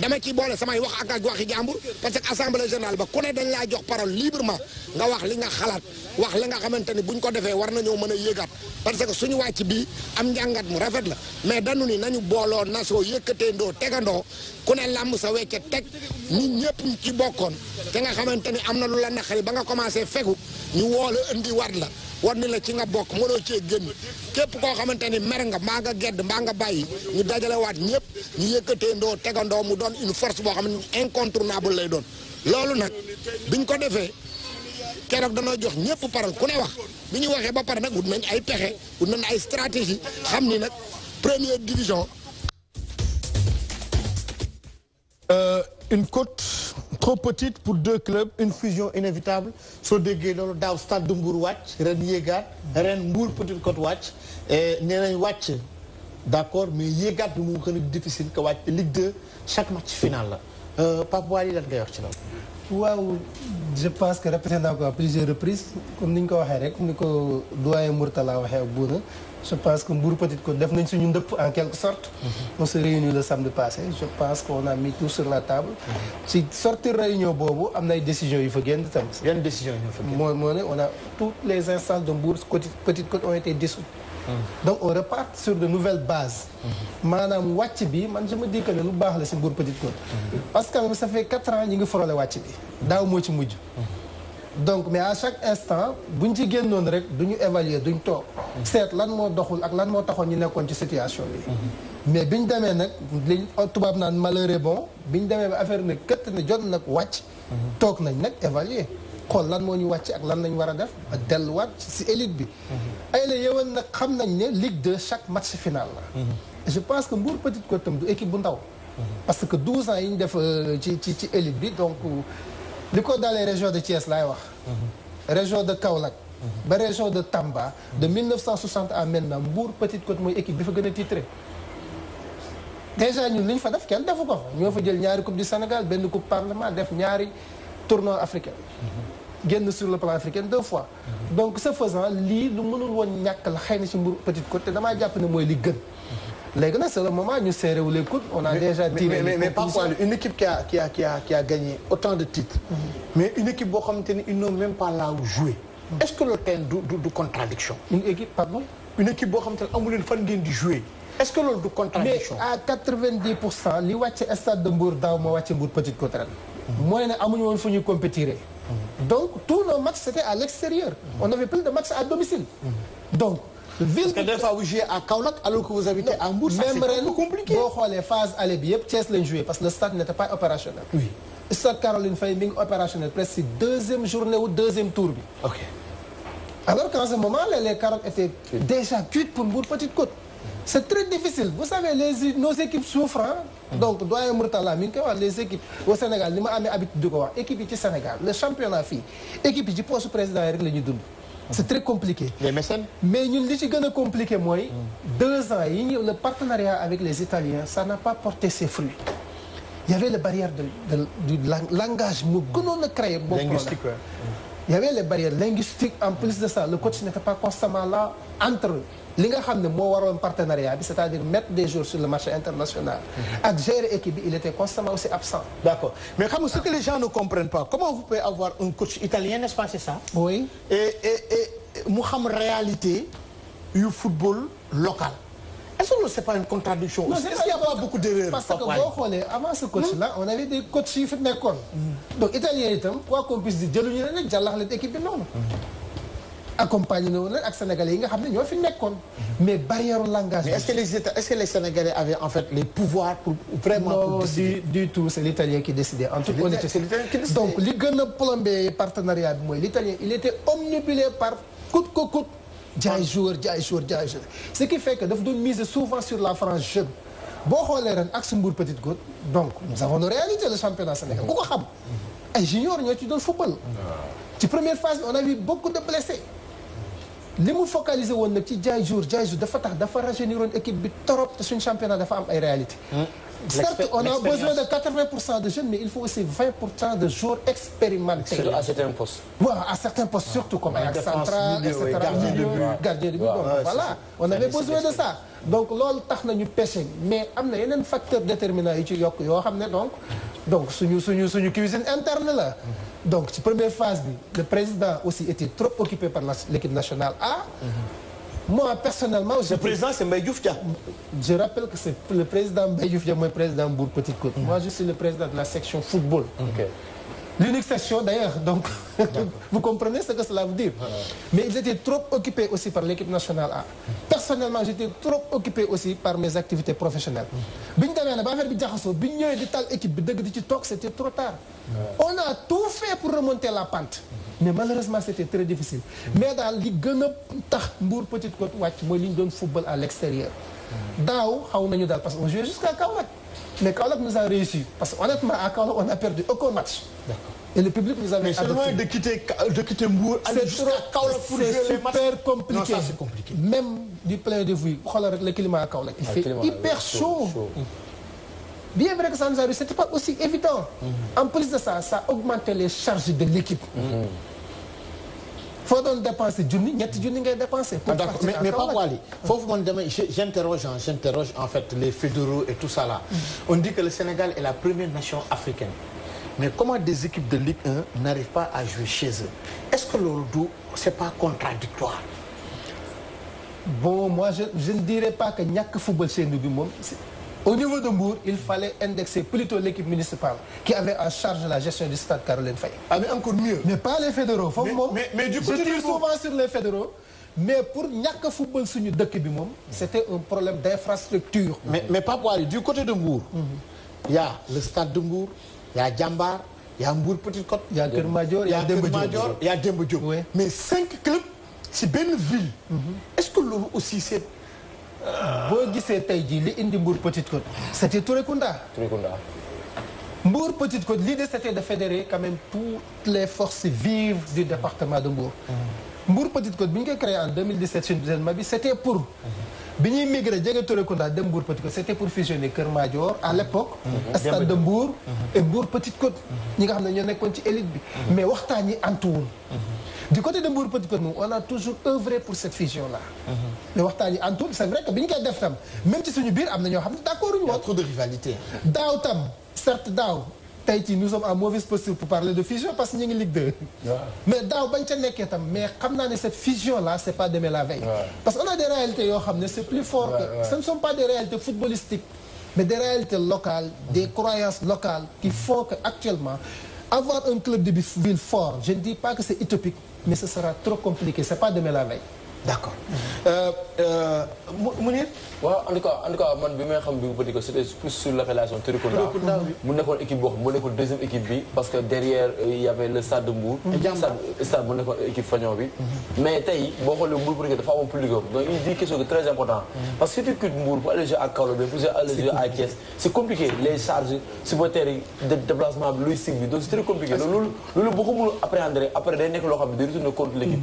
dama ci boole samay wax ak ak waxi jàmbur parce que assemblée générale ba ku ne dañ laa jox parole librement nga wax li nga xalaat wax li nga xamante ni buñ ko defee war nañoo mën a yéegaat parce que suñu wàcc bii am njàngat mu rafet la mais danu nii nañu booloo nasoo yëkkatee ndoo tegandoo ku ne làmm sa wecce teg ñun ñëpp ci bokkoon te nga xamante ni am na lu la naqari ba nga commencé fegu ñu woo la war la wan ni la ci nga bokk moo mënoo cee génn képp koo xamante ni mer nga mbaa nga gedd mbaa nga bàyyi ñu dajalewaat ñëpp ñu yëkkatee ndoo tegandoo mu doon une force boo xam ne incontournable lay doon loolu nag biñ ko defee keroog danoo jox ñëpp paral ku ne wax bi ñu waxee ba pare nag wut nañ ay pexe wut nañ ay stratégie xam ni nag première division euh, une côte trop petite pour deux clubs une fusion inévitable soo déggee loolu daaw stade de Mbour watch ren yéegaat ren Mbour une Côte watch et nee d'accord, d'accord mais yéegaat bi moo difficile que wàcc Ligue 2 chaque match final Papa, il a lan ngay wax ci je pense que la présidente a à plusieurs reprises comme ni ñu ko waxee rek ni ko doyen Mourtala waxee ak Bouna je pense que Mbour Petite Côte def nañ en quelque sorte mhm. on s'est réunis le samedi passé je pense qu'on a mis tout sur la table mhm. si sortir réunion il am une décision, il faut faut gagner. tam yan décision yu fa génn Moi, on a toutes les instances de bourse Petite Côte ont été dissoutes mhm. donc on repart sur de nouvelles bases Madame wàcc bi je me dis que nous lu baax la Petite Côte parce que ça fait quatre ans qu'il nous faisons le bi daaw moo ci donc mais à chaque instant buñ ci génnoon rek duñu évaluer duñ tok seet lan mo doxul ak lan mo taxone ñu nekkoon ci situation bi mais biñ démé nak nag li oh, tubaab malheureux bon biñ démé ba affaire ne këtt ne jot nak wacc tok nañ nak évaluer xool lan mo ñu wacc ak lan lañ wara a def ak delluwaat ci élite bi ay la yëwan nak xam nañ ne Ligue 2 chaque match final la je pense que Mbour Petite Côte du équipe bu ndaw parce que 12 ans yi ñu def euh, ci ci élite bi donc du coup dans les régions de Thiès laay région de Kaolack. la région de Tamba. de 1960 à maintenant Bour Petite Côte mooy équipe bi fa titré. déjà nous li ñu fa def Nous avons ko une jël coupe du Sénégal benn coupe parlement def ñaari tournoi africain. génn sur le plan africain deux fois. Mhm. donc ce faisant nous lu mënul woon ñàkk la xëy ci Petite Côte te damaa jàpp ne les gars, c'est le moment nous serrer les coudes on a déjà dit... mais mais quoi. une équipe qui a qui a qui a qui a gagné autant de titres mhm. mais une équipe boo ils n'ont même pas là où jouer mhm. est-ce que l'on a du contradiction une équipe pardon une équipe boo xamante ne amu pas fan de jouer est-ce que l'on du contradiction mais à 90%, les watts li stade de Mbour daaw ma Petite Côte mhm. Moi, ne donc tous nos matchs c'était à l'extérieur on avait plus de matchs à domicile donc parce que à Kaolack alors que vous habitez à Mbour. même ren boo xoolee phase aller parce que le stade n'était pas opérationnel. oui stade Caroline Faye opérationnel presque deuxième journée ou deuxième tour ok alors qu'en ce moment les carottes étaient déjà cuites pour une Petite Côte. C'est très difficile. Vous savez, les, nos équipes souffrent. Hein? Mm. Donc, Doyen là. les équipes au Sénégal, nous avons habitude de voir. Équipe du Sénégal, le championnat fille, équipe du poste président, c'est très compliqué. les mais nous li ci qui compliqué deux ans le partenariat avec les Italiens ça n'a pas porté ses fruits. il y avait la barrière du langage que nous a créé. pas il y avait les barrières linguistiques en plus de ça le coach n'était pas constamment là entre li nga xamné mo waro un partenariat c'est-à-dire mettre des jours sur le marché international ak gérer équipe il était constamment aussi absent d'accord mais comme ce que les gens ne comprennent pas comment vous pouvez avoir un coach italien n'est-ce pas c'est ça oui et et et mu réalité du football local est-ce que ce n'est pas une contradiction est-ce qu'il n'y a pas beaucoup d'erreurs Parce que avant ce coach-là, hmm? on avait des coachs qui faisaient nekkoon. Hmm. donc italien itam quoi qu'on puisse dire jëluñu ne nag jàllax équipe non. Hmm. accompagné avec sénégalais Ils a fait ne ñoo mais barrière langage. mais est-ce que les est que les sénégalais avaient en fait les pouvoirs pour vraiment. Non, non du tout c'est l'italien qui décidait. en tout c'est l'italien qui donc le plombé partenariat moi, l'italien il était omnibulé par coûte coûte jaay joueur jour joueur jour, joueur ce qui fait que daf doon miser souvent sur la France jeune boo xoolee ren ak Mbour Petite donc nous avons nos réalités le championnat sénégalais ku ko xam ay junior ñoo ci le football ah. ci première phase on a vu beaucoup de blessés mots focaliser focalisé woon nag ci jaay joueur jaay joueur de tax dafa une équipe de trop sur championnat de femmes ay réalité hmm. Certes, on a besoin de 80% de jeunes, mais il faut aussi 20% de jours expérimentés. à certains postes. Ouais, à certains postes, ah. surtout comme à central, etc. Gardien de but. voilà, on avait besoin de ça. Donc, l'ol tax nañu pêché, mais amna un facteur déterminant et ci yok yo xamné donc donc suñu suñu suñu cuisine interne là. Donc, cette première phase le président aussi était trop occupé par l'équipe nationale A. Moi, personnellement, je... Le président, c'est Mbaye Je rappelle que c'est le président Mbaye moi, président Bourg Petite Côte. Moi, je suis le président de la section football. L'unique session d'ailleurs, donc vous comprenez ce que cela veut dire. Mais ils étaient trop occupés aussi par l'équipe nationale A. Personnellement, j'étais trop occupé aussi par mes activités professionnelles. Mm. C'était trop tard. On a tout fait pour remonter la pente. Mais malheureusement, c'était très difficile. Mm. Mais dans les Petite Côte, de football à l'extérieur. Mm. Dao, jouait jusqu'à Kawak. Mais Kaolak nous a réussi. Parce qu'honnêtement, à Kaolack, on n'a perdu aucun match. Et le public nous avait Mais c'est de quitter, de quitter Mbour, aller jusqu'à pour jouer les matchs. C'est super compliqué. Non, ça, compliqué. Même du plein de vue, le climat à il ah, fait hyper chaud. Mm. Bien vrai que ça nous a réussi, ce n'était pas aussi évident. Mm-hmm. En plus de ça, ça a augmenté les charges de l'équipe. Mm-hmm. Faut donc dépenser. du il ngay a ah, mais mais pas pour j'interroge hein, j'interroge en fait les fédéraux et tout ça là. Mm-hmm. on dit que le Sénégal est la première nation africaine. mais comment des équipes de Ligue 1 n'arrivent pas à jouer chez eux est-ce que leur ce c'est pas contradictoire bon moi je ne dirais pas que n'y a que football c'est au niveau de Mbour, il fallait indexer plutôt l'équipe municipale qui avait en charge la gestion du stade Caroline Faye. Ah, mais encore mieux. Mais pas les fédéraux. Mais, mais, du côté je tire souvent sur les fédéraux. Mais pour Nyaka Football de c'était un problème d'infrastructure. Mais, mais pas pour Du côté de Mbour, il mhm. y a le stade de Mbour, il y a Djambar, il y a Mbour Petite Côte, il y a Kermajor, il y a Dembodjo. Il y a Mais cinq clubs, c'est une ville. Mhm. Est-ce que aussi c'est indi Mbour Petite Côte c'était Touré Kunda. Touré Mbour Petite Côte l'idée c'était de fédérer quand même toutes les forces vives du département de Mbour. Mm-hmm. Mbour Petite Côte Bien koy créé en 2017 suñu bi c'était pour. Mm-hmm. Bien ñuy migré jege Touré de Mbour Petite Côte c'était pour fusionner Kër Madior à l'époque mm-hmm. stade de Mbour et Mbour Petite Côte ñi nga xam ne ñoo ci élite bi mais waxtaan yi antuwul du côté de Mbour Petit on a toujours œuvré pour cette fusion-là. Mhm. Le Wartali tout, c'est vrai que Binka Deftam, même si c'est bir, d'accord. Il y a trop de rivalité. Dao certes Dao. Tahiti, nous sommes en mauvaise posture pour parler de fusion parce que nous sommes en Ligue 2. Mais Dao Banchanek, mais comme cette fusion-là, ce n'est pas demain la veille. Parce qu'on a des réalités, c'est plus fort. Ce ne sont pas des réalités footballistiques, mais des réalités locales, des mhm. croyances locales qui font qu'actuellement, avoir un club de ville fort, je ne dis pas que c'est utopique, mais ce sera trop compliqué. Ce n'est pas demain la veille. D'accord. Euh, euh, Mounir en tout cas en tout cas man bi may xam c'était plus sur la relation mu nekkoon équipe boo deuxième équipe parce que derrière euh, il y avait le stade de Mbour mm-hmm. stade mu nekkoon équipe fagnon, bi mm-hmm. mais tey le xoolee Mbour Petitco dafa amoon public donc il dit quelque chose de très important mm-hmm. parce que si tu quittes Mbour pour aller jouer à Kaolack pour aller jouer à Thiès c'est compliqué les charges supporters de déplacement bi logistique donc c'est très compliqué donc loolu beaucoup boo après il y a xam ne retourner l'équipe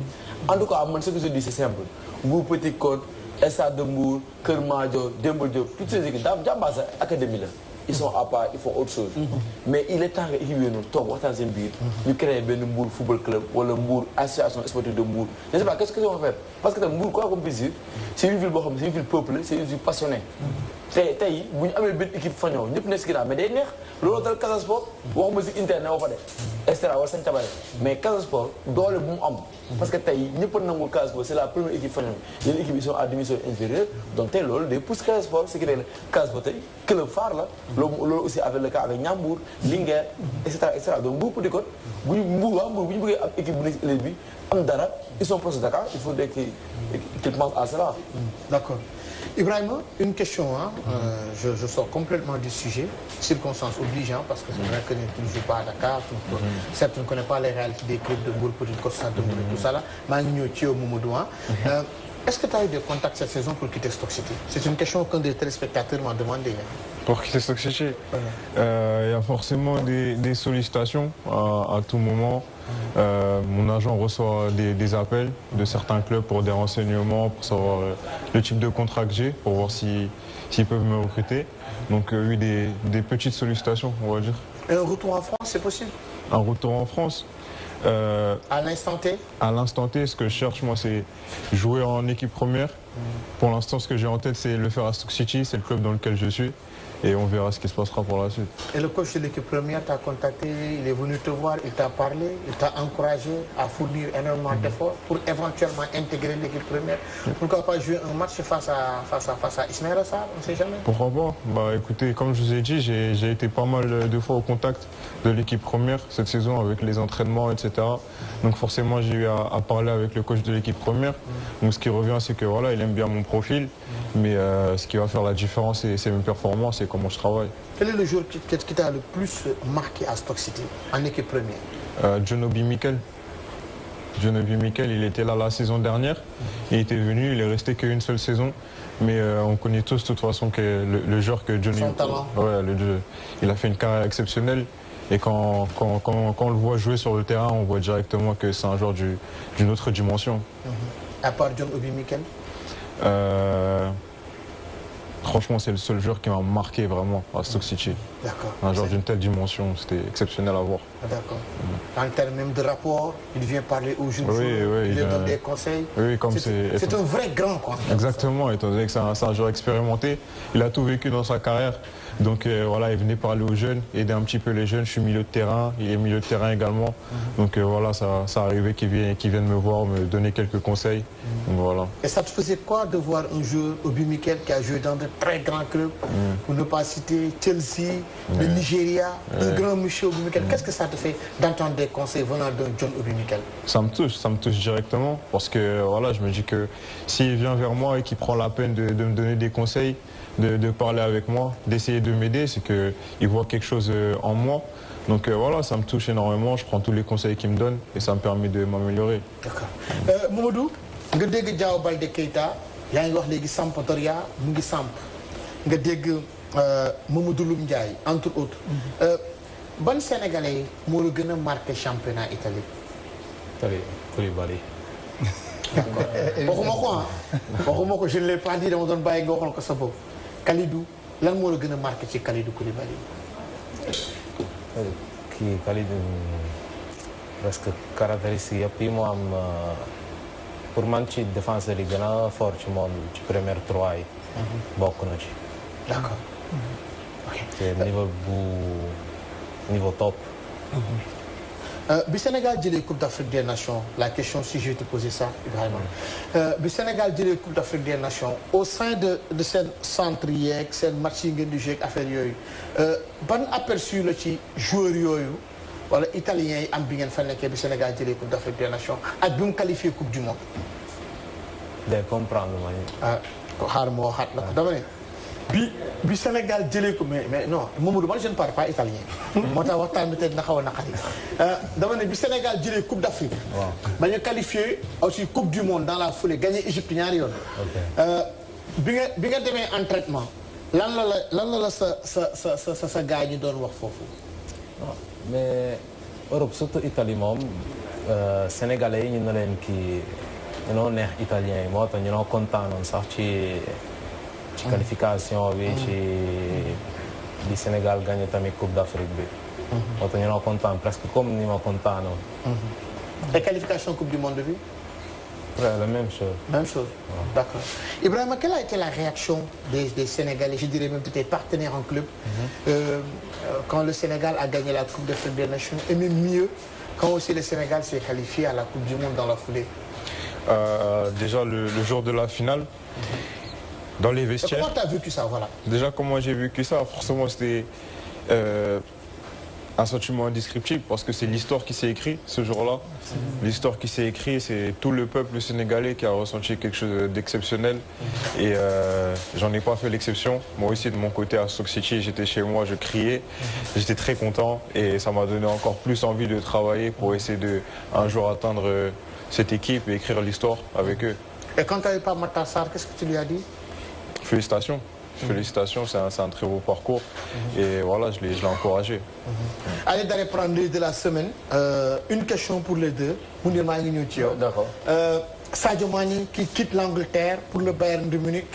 en tout cas ce que je dis c'est simple Vous, Petit compte. SA de Mour, Kër Madior toutes ces équipes dans académie là. ils sont à part ils font autre chose mhm. mais il est temps que viennent nous, noonu dans un seen nous mhm. créer benn Mour football club wala Mour association sportive de Mour. je ne sais pas qu'est-ce qu'ils vont faire parce que tam quoi qu'on puisse dire c'est une ville bohème, c'est une ville peuplée c'est une ville passionnée mhm tey tey bu ñu amee équipe fa ñëw ñëpp ne si ginnaaw mais day neex loolu dal Casa Sport waxuma si interne woo fa de extra wala sañ tabare mais Casa Sport doole bu mu am parce que tey ñëpp a nangu Casa Sport c'est la première équipe fa ñëw yeneen équipe sont à division inférieure donc tey loolu day pousse Casa Sport ce qui est Casa Sport tey club phare là loolu aussi avec le cas avec Ndiambour Linguère et cetera et cetera donc Mbour Petite Côte bu ñu Mbour waa Mbour bu ñu bëggee am équipe bu nekk bi am dara ils sont proches d'accord il faut que tu penses à cela d'accord Ibrahima une question hein. euh, je sors complètement du sujet circonstances obligeantes, parce que c'est vrai que tu ne joues pas à la carte. ne mhm. certes ne connais pas les réalités des clubs de groupe, de Côte de tout ça là Mais hein. mhm. euh, Est-ce que tu as eu des contacts cette saison pour quitter Stock City C'est une question qu'un des téléspectateurs m'a demandé. Hein. Pour quitter Stock City euh, Il y a forcément des, sollicitations à, tout moment. Euh, mon agent reçoit des, appels de certains clubs pour des renseignements, pour savoir euh, le type de contrat que j'ai, pour voir s'ils si, peuvent me recruter. Donc eu des, petites sollicitations, on va dire. Et un retour en France, c'est possible Un retour en France euh, À l'instant T À l'instant T, ce que je cherche, moi, c'est jouer en équipe première. Mm. Pour l'instant, ce que j'ai en tête, c'est le faire à City, c'est le club dans lequel je suis et on verra ce qui se passera pour la suite. Et le coach de l'équipe première t'a contacté, il est venu te voir, il t'a parlé, il t'a encouragé à fournir énormément mhm. d'efforts pour éventuellement intégrer l'équipe première. Pourquoi pas jouer un match face à, face à, face à Ismaël On ne sait jamais. Pourquoi pas bah, Écoutez, comme je vous ai dit, j'ai été pas mal de fois au contact de l'équipe première cette saison avec les entraînements, etc. Donc forcément, j'ai eu à, parler avec le coach de l'équipe première. Mhm. Donc ce qui revient, c'est que voilà, il aime bien mon profil, mhm. mais euh, ce qui va faire la différence, c'est mes performances comment je travaille. Quel est le joueur qui, t'a le plus marqué à Stock City en équipe première euh, Obi Mikel. Obi Mikel, il était là la saison dernière. Il était venu, il est resté qu'une seule saison. Mais euh, on connaît tous de toute façon que le, joueur que Johnny. il a fait une carrière exceptionnelle. Et quand, quand, on le voit jouer sur le terrain, on voit directement que c'est un joueur d'une autre dimension. Mm-hmm. À part John Obi Mikel euh, Franchement, c'est le seul joueur qui m'a marqué vraiment à Stoke City. D'accord. Un joueur d'une telle dimension, c'était exceptionnel à voir. Ah, d'accord. En termes même de rapport, il vient parler aux jeunes joueurs, il leur donne des conseils. Oui, comme c'est. C'est un vrai grand, quoi. Exactement, étant donné que c'est un joueur expérimenté, il a tout vécu dans sa carrière. Donc euh, voilà, il venait parler aux jeunes, aider un petit peu les jeunes. Je suis milieu de terrain, il est milieu de terrain également. Mhm. Donc euh, voilà, ça, arrivait qu'il vienne me voir, me donner quelques conseils. Mhm. voilà. Et ça te faisait quoi de voir un joueur, Obi Mikel, qui a joué dans de très grands clubs, mhm. pour ne pas citer Chelsea, le Nigeria, le grand monsieur Obi Mikel Qu'est-ce que ça te fait d'entendre des conseils venant de John Obi Ça me touche, ça me touche directement, parce que voilà, je me dis que s'il vient vers moi et qu'il prend la peine de, me donner des conseils, de parler avec moi, d'essayer de m'aider, c'est qu'il voit quelque chose euh, en moi. Donc euh, voilà, ça me touche énormément, je prends tous les conseils qu'il me donne et ça me permet de m'améliorer. D'accord. Euh, Mamadou, nga dégg Diao de Keita yaa ngi wax léegi Sampdoria mu samp nga dégg euh, Mamadou Loum Ndiaye entre autres. Mhm. ban Sénégalais moo marque gëna marqué championnat italien. Italien Koulibaly. Ah. waxuma ko je ne l'ai pas dit dans doon bàyyi nga ko sa Kalidou. lan moo la gën a marqué ci Kalidou Koulibaly. kii Kalidou presque caractéristique yëpp yi mu am pour man ci défenseur yi gën a fort ci moom ci première na ci. ok te niveau bu niveau top. Mhm. Le euh, Sénégal les Coupe d'Afrique des Nations la question si je te poser ça le euh, Sénégal Sénégal les Coupe d'Afrique des Nations au sein de de seen centre yeeg du match yi ngeen euh, aperçu le ci joueurs yooyu wala italiens le am bi ngeen fa Sénégal Coupe d'Afrique des Nations a bien qualifié Coupe du Monde. Dès comprendre moi. ah bi bi Sénégal jëlee ko mais mais no Mamadou man je ne parle pas italien. moo tax waxtaan bi tey dina xaw a naqari. Euh, dama ne bi Sénégal jëlee coupe d' Afrique. ba ñu qualifié aussi coupe du monde dans la foulée gagné Égypte ñaari yoon. Euh, bi nga bi nga demee en traitement lan la la lan la la sa sa sa sa sa gars ñi doon wax foofu. mais Europe surtout Italie moom euh, Sénégalais yi ñu ne leen kii ñu noo neex italien yi moo tax ñu noo kontaanoon sax ci. qualification au vichy du Sénégal gagne la Coupe d'Afrique b on content. presque comme ni non. Mm-hmm. et qualification Coupe du Monde de Ouais, la même chose. Même chose. D'accord. Ibrahim, quelle a été la réaction des, Sénégalais, je dirais même de tes partenaires en club, mm-hmm. euh, euh, quand le Sénégal a gagné la Coupe de football, Nations, et même mieux, quand aussi le Sénégal s'est qualifié à la Coupe du Monde dans la foulée euh, Déjà, le, jour de la finale, mm-hmm. Dans les vestiaires. comment tu as vécu ça voilà Déjà, comment j'ai vécu ça Forcément, c'était euh, un sentiment indescriptible parce que c'est l'histoire qui s'est écrite ce jour-là. L'histoire qui s'est écrite, c'est tout le peuple sénégalais qui a ressenti quelque chose d'exceptionnel. Et euh, j'en ai pas fait l'exception. Moi aussi, de mon côté, à Stock City, j'étais chez moi, je criais. J'étais très content et ça m'a donné encore plus envie de travailler pour essayer de un jour atteindre euh, cette équipe et écrire l'histoire avec eux. Et quand tu n'avais pas Matassar, qu'est-ce que tu lui as dit Félicitations. Mhm. Félicitations, c'est un, très beau parcours. Mhm. Et voilà, je l'ai encouragé. Mhm. Allez, d'aller prendre de la semaine. Euh, une question pour les deux. D'accord. Euh, Sadio Mani qui quitte l'Angleterre pour le Bayern de Munich.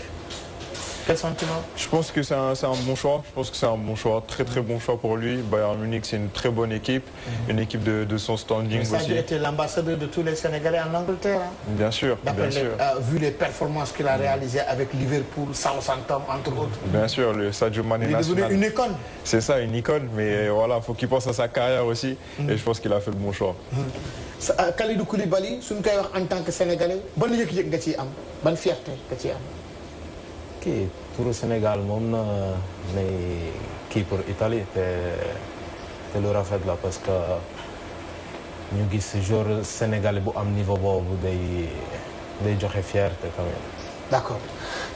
Quel sentiment Je pense que c'est un, bon choix. Je pense que c'est un bon choix, très très bon choix pour lui. Bayern Munich, c'est une très bonne équipe, mhm. une équipe de, son standing aussi. Il était l'ambassadeur de tous les Sénégalais en Angleterre. Hein. Bien sûr, bien sûr. Euh, vu les performances qu'il a mhm. réalisées avec Liverpool, Southampton, entre autres. Bien sûr, le Sadio Mané Il est devenu une icône. C'est ça, une icône. Mais mhm. voilà, il faut qu'il pense à sa carrière aussi. Et je pense qu'il a fait le bon choix. Euh, Kalidou Koulibaly, en tant que Sénégalais, bonne fierté kii turu Sénégal moom euh, na kii pour Italie te te lu rafet la parce que ñu gis joueur sénégalais bu am niveau boobu day day joxe fierté te même. d'accord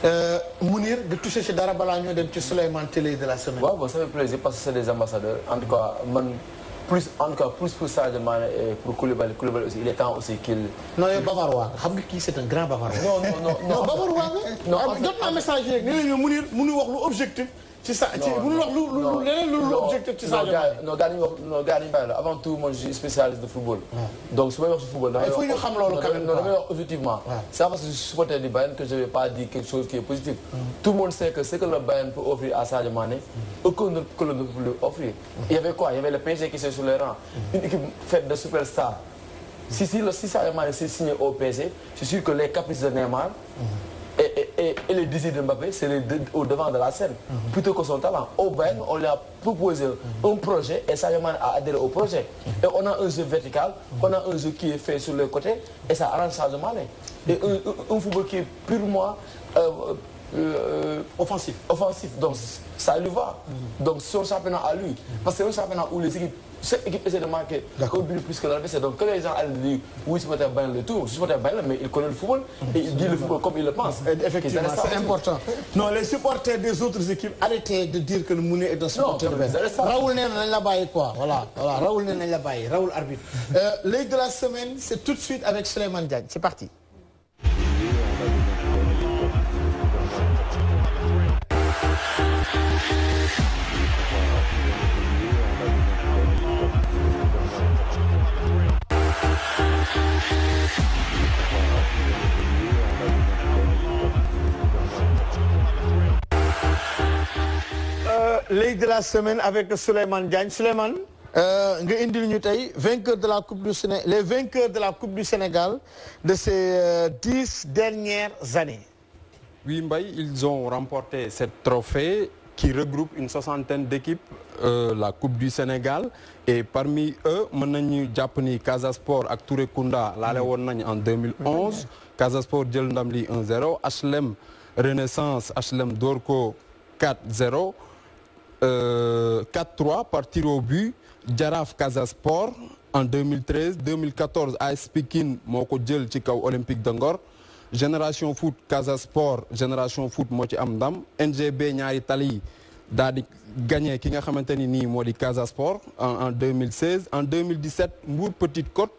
euh, Mounir nga touché ci dara balaa ñoo dem ci Souleymane Télé de la semaine. waaw bon ça fait plaisir parce que c'est des ambassadeurs en tout cas man. plus plus pour ça, et euh, pour Koulibaly Koulibaly aussi il est temps aussi qu'il. non il est Bavarois xam c'est un grand Bavarois. non non non non Bavarois non. non ah, ah, message non. objectif. C'est ça. ci bu ñu non non gars avant tout moi, je suis spécialiste de football. donc c'est moi wax suis football. Ah, il faut que xam quand même non objectivement. c'est parce que je suis supporter du Bayern que je vais pas dire quelque chose qui est positif. Mm. tout le monde sait que ce que le Bayern peut offrir à Sadio Mané. Mm. aucun autre club ne peut lui offrir. Mm. il y avait quoi il y avait le PSG qui était sur les rangs. une équipe faite de superstars. si si le Sadio Mané s'est signé au PSG je suis sûr que les caprices de Neymar et, le désir de Mbappé, c'est au devant de la scène, mhm. plutôt que son talent. Au Bayern, on lui a proposé mhm. un projet et demande a adhéré au projet. Mhm. Et on a un jeu vertical, on a un jeu qui est fait sur le côté et ça arrange ça Et un, un, football qui est purement euh, euh, offensif. offensif. Donc ça lui va. Donc son un championnat à lui. Parce que c'est un championnat où les équipes cette équipe essaie de marquer au but plus que c'est Donc quand les gens allent dire oui, ce matin bain le tour, ce matin bain mais ils connaissent le football et ils disent le football comme ils le pensent Effectivement, c'est important. Non, les supporters des autres équipes, arrêtez de dire que le Mounet est un supporter de Raoul Nen l'a bas quoi. Voilà, voilà. Raoul Nen là-bas. Raoul arbitre. Euh, de la semaine, c'est tout de suite avec Suleiman Diagne. C'est parti. Ligue de la semaine avec Souleymane Diagne Souleymane euh, nga vainqueur de la coupe du les vainqueurs de la coupe du Sénégal de ces euh, dix dernières années. oui Mbaye ils ont remporté cette trophée qui regroupe une soixantaine d'équipes euh, la coupe du Sénégal et parmi eux mën Japoni, ni Casa Sport Kunda en 2011 Casa Sport 1-0 HLM Renaissance HLM Dorco 4-0 4-3 euh, par au but Jaraf Casa Sport en 2013 2014 Ice Pikine Djel Olympique Dangor. Génération Foot Casa Sport Génération Foot Moti Amdam NGB Nya tali gagné ki nga Sport en 2016 en 2017 Mbour Petite Côte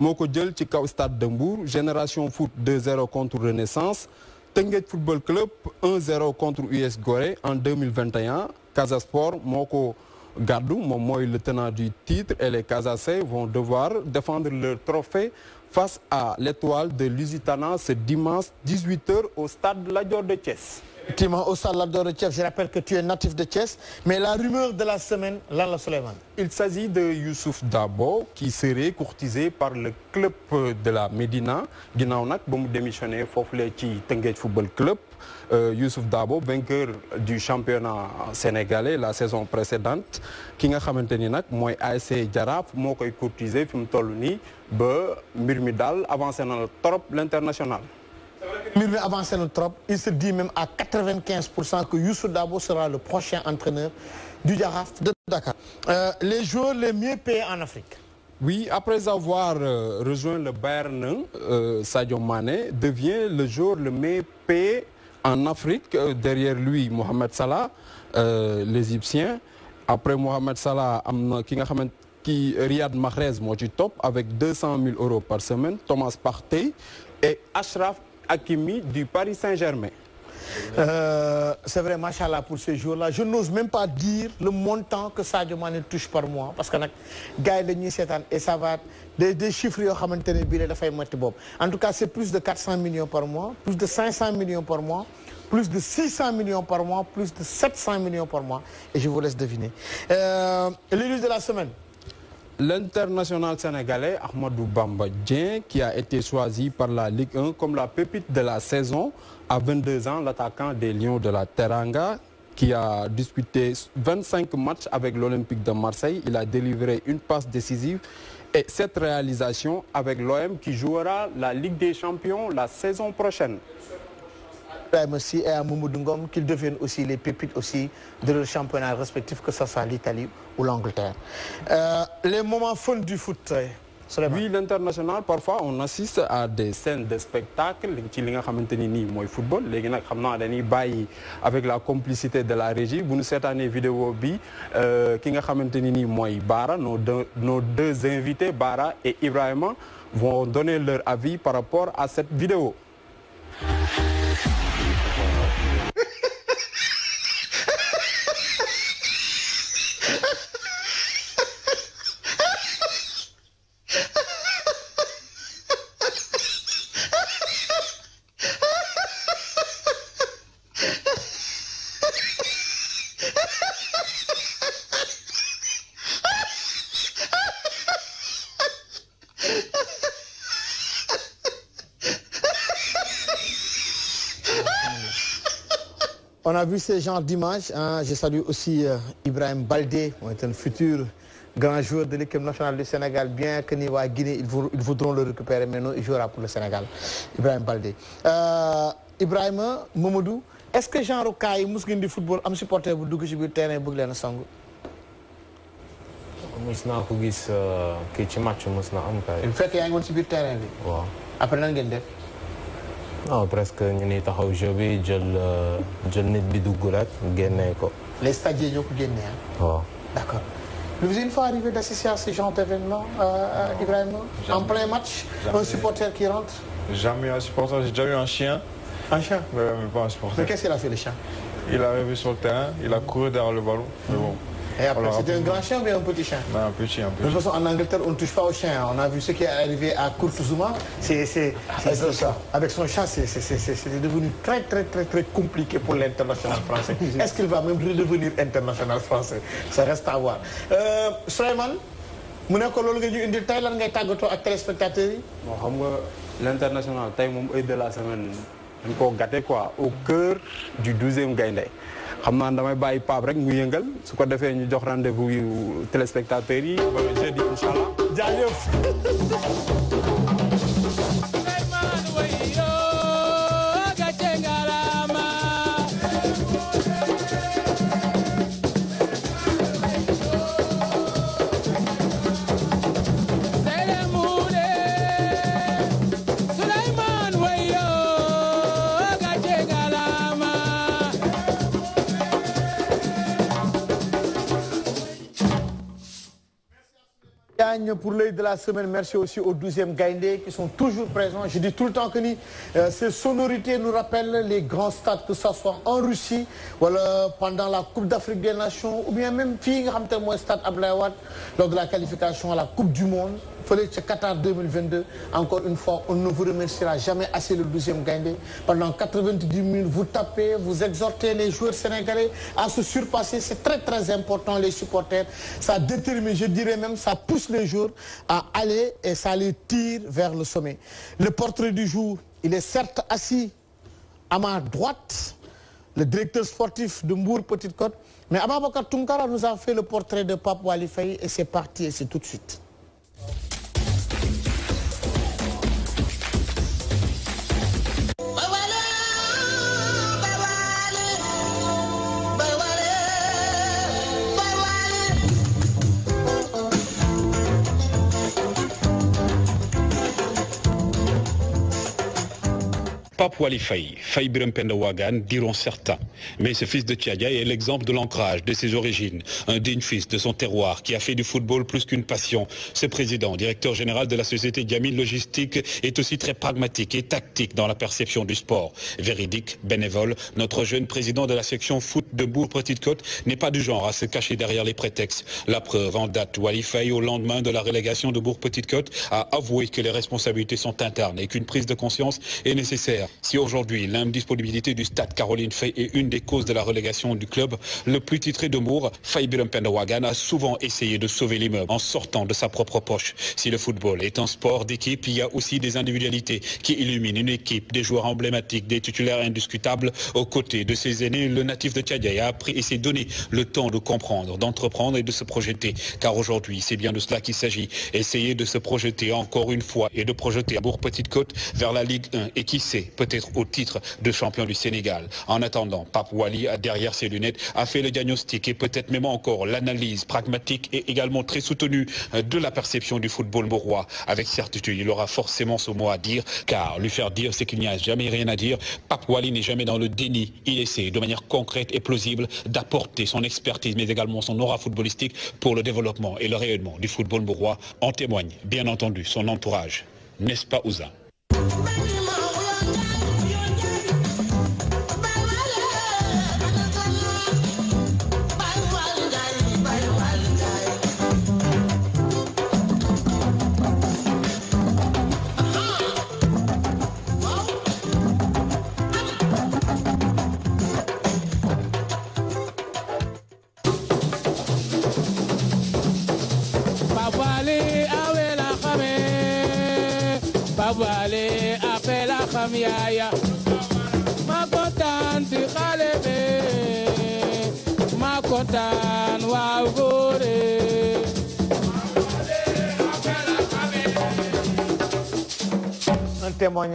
Moko Djel Stade de Génération Foot 2-0 contre Renaissance Tenget Football Club 1-0 contre US Gorée en 2021 Kazasport, Moko Gadou, Momo le tenant du titre et les Kazassais vont devoir défendre leur trophée face à l'étoile de Lusitana ce dimanche 18h au stade la de Thiès. effectivement au stade de Thiès je rappelle que tu es natif de Thiès mais la rumeur de la semaine là, la il s'agit de Youssouf Dabo qui serait courtisé par le club de la Médina Guinaonak, pour démissionner démissionner démissionné football club. Euh, Youssouf Dabo vainqueur du championnat sénégalais la saison précédente qui n'a moi, ni nag moi ASC Jaraaf moo Mirmidal, avancé dans le trop l'international Mirmidal trop il se dit même à 95 que Youssouf Dabo sera le prochain entraîneur du Jaraaf de Dakar euh, les joueurs les mieux payés en Afrique Oui, après avoir euh, rejoint le Bayern, Sadio Mané devient le joueur le mieux payé en Afrique, euh, derrière lui, Mohamed Salah, euh, l'Égyptien. Après Mohamed Salah, qui Riyad Mahrez, moi du top, avec 200 000 euros par semaine. Thomas Partey et Ashraf Hakimi du Paris Saint-Germain. Euh, c'est vrai, machallah pour ce jour-là. Je n'ose même pas dire le montant que Sadio Mané touche par mois. Parce que gars, cette année et ça va. Des, des chiffres, en tout cas, c'est plus de 400 millions par mois, plus de 500 millions par mois, plus de 600 millions par mois, plus de 700 millions par mois. Et je vous laisse deviner. Euh, de la semaine. L'international sénégalais Ahmadou Bamba qui a été choisi par la Ligue 1 comme la pépite de la saison, à 22 ans, l'attaquant des Lions de la Teranga, qui a disputé 25 matchs avec l'Olympique de Marseille, il a délivré une passe décisive. Et cette réalisation avec l'OM qui jouera la Ligue des Champions la saison prochaine. Merci à qu'ils deviennent aussi les pépites aussi de leur championnat respectif, que ce soit l'Italie ou l'Angleterre. Euh, les moments fun du foot, euh, oui l'international parfois on assiste à des scènes de spectacle ni football ne pas le avec la complicité de la régie cette année année vidéo bi euh, ki Bara nos deux nos deux invités Bara et Ibrahima vont donner leur avis par rapport à cette vidéo a vu ce genre d'image. Hein. Je salue aussi euh, Ibrahim Baldé, est un futur grand joueur de l'équipe nationale du Sénégal. Bien que Niwa Guinée, ils, voudront le récupérer, mais non, il jouera pour le Sénégal. Ibrahim Baldé. Euh, Ibrahim, Momodou, est-ce que genre cas yi du football am supporter bu de ci biir terrain Sango? leen a song. ko euh, match am Il a fait terrain après non presque ñu ni taxaw jeu bi jël euh, jël nit bi la les stagiaires. ñoo ko génnee hein? ah. D'accord. vous une fois arrivé d'assister à ce genre d'événement, euh, euh, en plein match. un supporter qui rentre. jamais un supporter j'ai déjà eu un chien. Un chien mais, mais pas un supporter. mais qu'est-ce qu'il a fait le chien. il est vu sur le terrain il a couru derrière le ballon mais bon. Et eh, après, c'était un grand chien ou bien un petit chien ben, Un petit chien. De toute façon, en Angleterre, on ne touche pas au chien. On a vu ce qui est arrivé à Kurtzuma. Ah, c'est ça. Avec son chat, c'est devenu très, très, très, très compliqué pour l'international français. Est-ce qu'il va même redevenir international français Ça reste à voir. Euh, vous mu ne ko loolu nga ñu à que téléspectateurs l'international c'est de la semaine dañ koo quoi au cœur du 12 12e gaynde xam naa damay bàyyi Pape rek mu yëngal su ko defee ñu jox rendez-vous yu téléspectateurs yi ba jeudi incha allah jaajëf pour l'œil de la semaine. Merci aussi aux 12e Gaindé qui sont toujours présents. Je dis tout le temps que euh, ces sonorités nous rappellent les grands stades, que ce soit en Russie, voilà, pendant la Coupe d'Afrique des Nations, ou bien même Stade lors de la qualification à la Coupe du Monde. Follet, c'est Qatar 2022 encore une fois on ne vous remerciera jamais assez le deuxième guindé pendant 90 minutes vous tapez vous exhortez les joueurs sénégalais à se surpasser c'est très très important les supporters ça détermine je dirais même ça pousse les joueurs à aller et ça les tire vers le sommet le portrait du jour il est certes assis à ma droite le directeur sportif de Mbour Petite Côte mais Ababakar Tunkara nous a fait le portrait de Pape Wali et c'est parti et c'est tout de suite Pape Wali Faye, Faye diront certains. Mais ce fils de Tchadia est l'exemple de l'ancrage de ses origines, un digne fils de son terroir qui a fait du football plus qu'une passion. Ce président, directeur général de la société Gamine Logistique, est aussi très pragmatique et tactique dans la perception du sport. Véridique, bénévole, notre jeune président de la section foot de Bourg-Petite-Côte n'est pas du genre à se cacher derrière les prétextes. La preuve en date, Wali au lendemain de la relégation de Bourg-Petite-Côte, a avoué que les responsabilités sont internes et qu'une prise de conscience est nécessaire si aujourd'hui l'indisponibilité du stade Caroline Fay est une des causes de la relégation du club, le plus titré de faye Faibirum a souvent essayé de sauver l'immeuble en sortant de sa propre poche. Si le football est un sport d'équipe, il y a aussi des individualités qui illuminent une équipe, des joueurs emblématiques, des titulaires indiscutables. Aux côtés de ses aînés, le natif de Tchadiaï a appris et s'est donné le temps de comprendre, d'entreprendre et de se projeter. Car aujourd'hui, c'est bien de cela qu'il s'agit. Essayer de se projeter encore une fois et de projeter à Bourg-Petite-Côte vers la Ligue 1 et qui sait, peut-être au titre de champion du Sénégal. En attendant, Pape Wali, derrière ses lunettes, a fait le diagnostic et peut-être même encore l'analyse pragmatique et également très soutenue euh, de la perception du football bourrois. Avec certitude, il aura forcément son mot à dire, car lui faire dire, c'est qu'il n'y a jamais rien à dire. Pape Wali n'est jamais dans le déni. Il essaie de manière concrète et plausible d'apporter son expertise, mais également son aura footballistique pour le développement et le rayonnement du football bourrois En témoigne, bien entendu, son entourage. N'est-ce pas, Ouza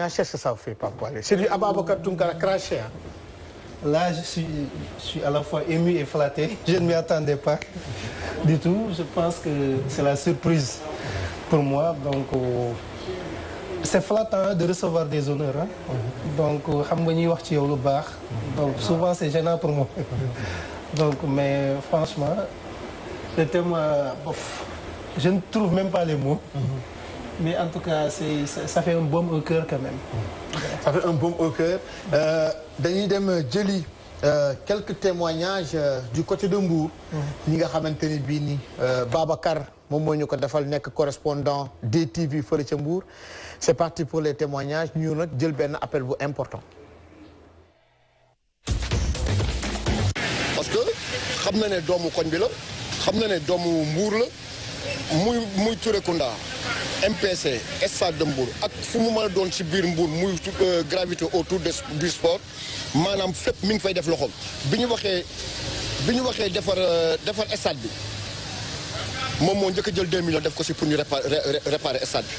ce que ça fait C'est du craché. Hein. Là, je suis, à la fois ému et flatté. Je ne m'y attendais pas du tout. Je pense que c'est la surprise pour moi. Donc, euh, c'est flattant hein, de recevoir des honneurs. Hein. Donc, euh, Donc, souvent, c'est gênant pour moi. Donc, mais franchement, le je ne trouve même pas les mots mais en tout cas c'est ça fait un bon au cœur quand même. ça fait un bon au cœur euh, dañuy dem jëli euh, quelques témoignages euh, du côté de Mbour. ñi nga xamante ni Babacar correspondant DTV TV ca c'est parti pour les témoignages Nous, nag jël appel important. parce que xam na ne doomu koñ bi la xam na ne doomu Mbour la muy muy Touré Kunda MPC stade de ak ma euh, gravité autour du sport manam fep mi ngi fay def loxom biñu waxé biñu waxé défar euh, défar stade bi mom mo jël 2 millions def pour ñu réparer stade bi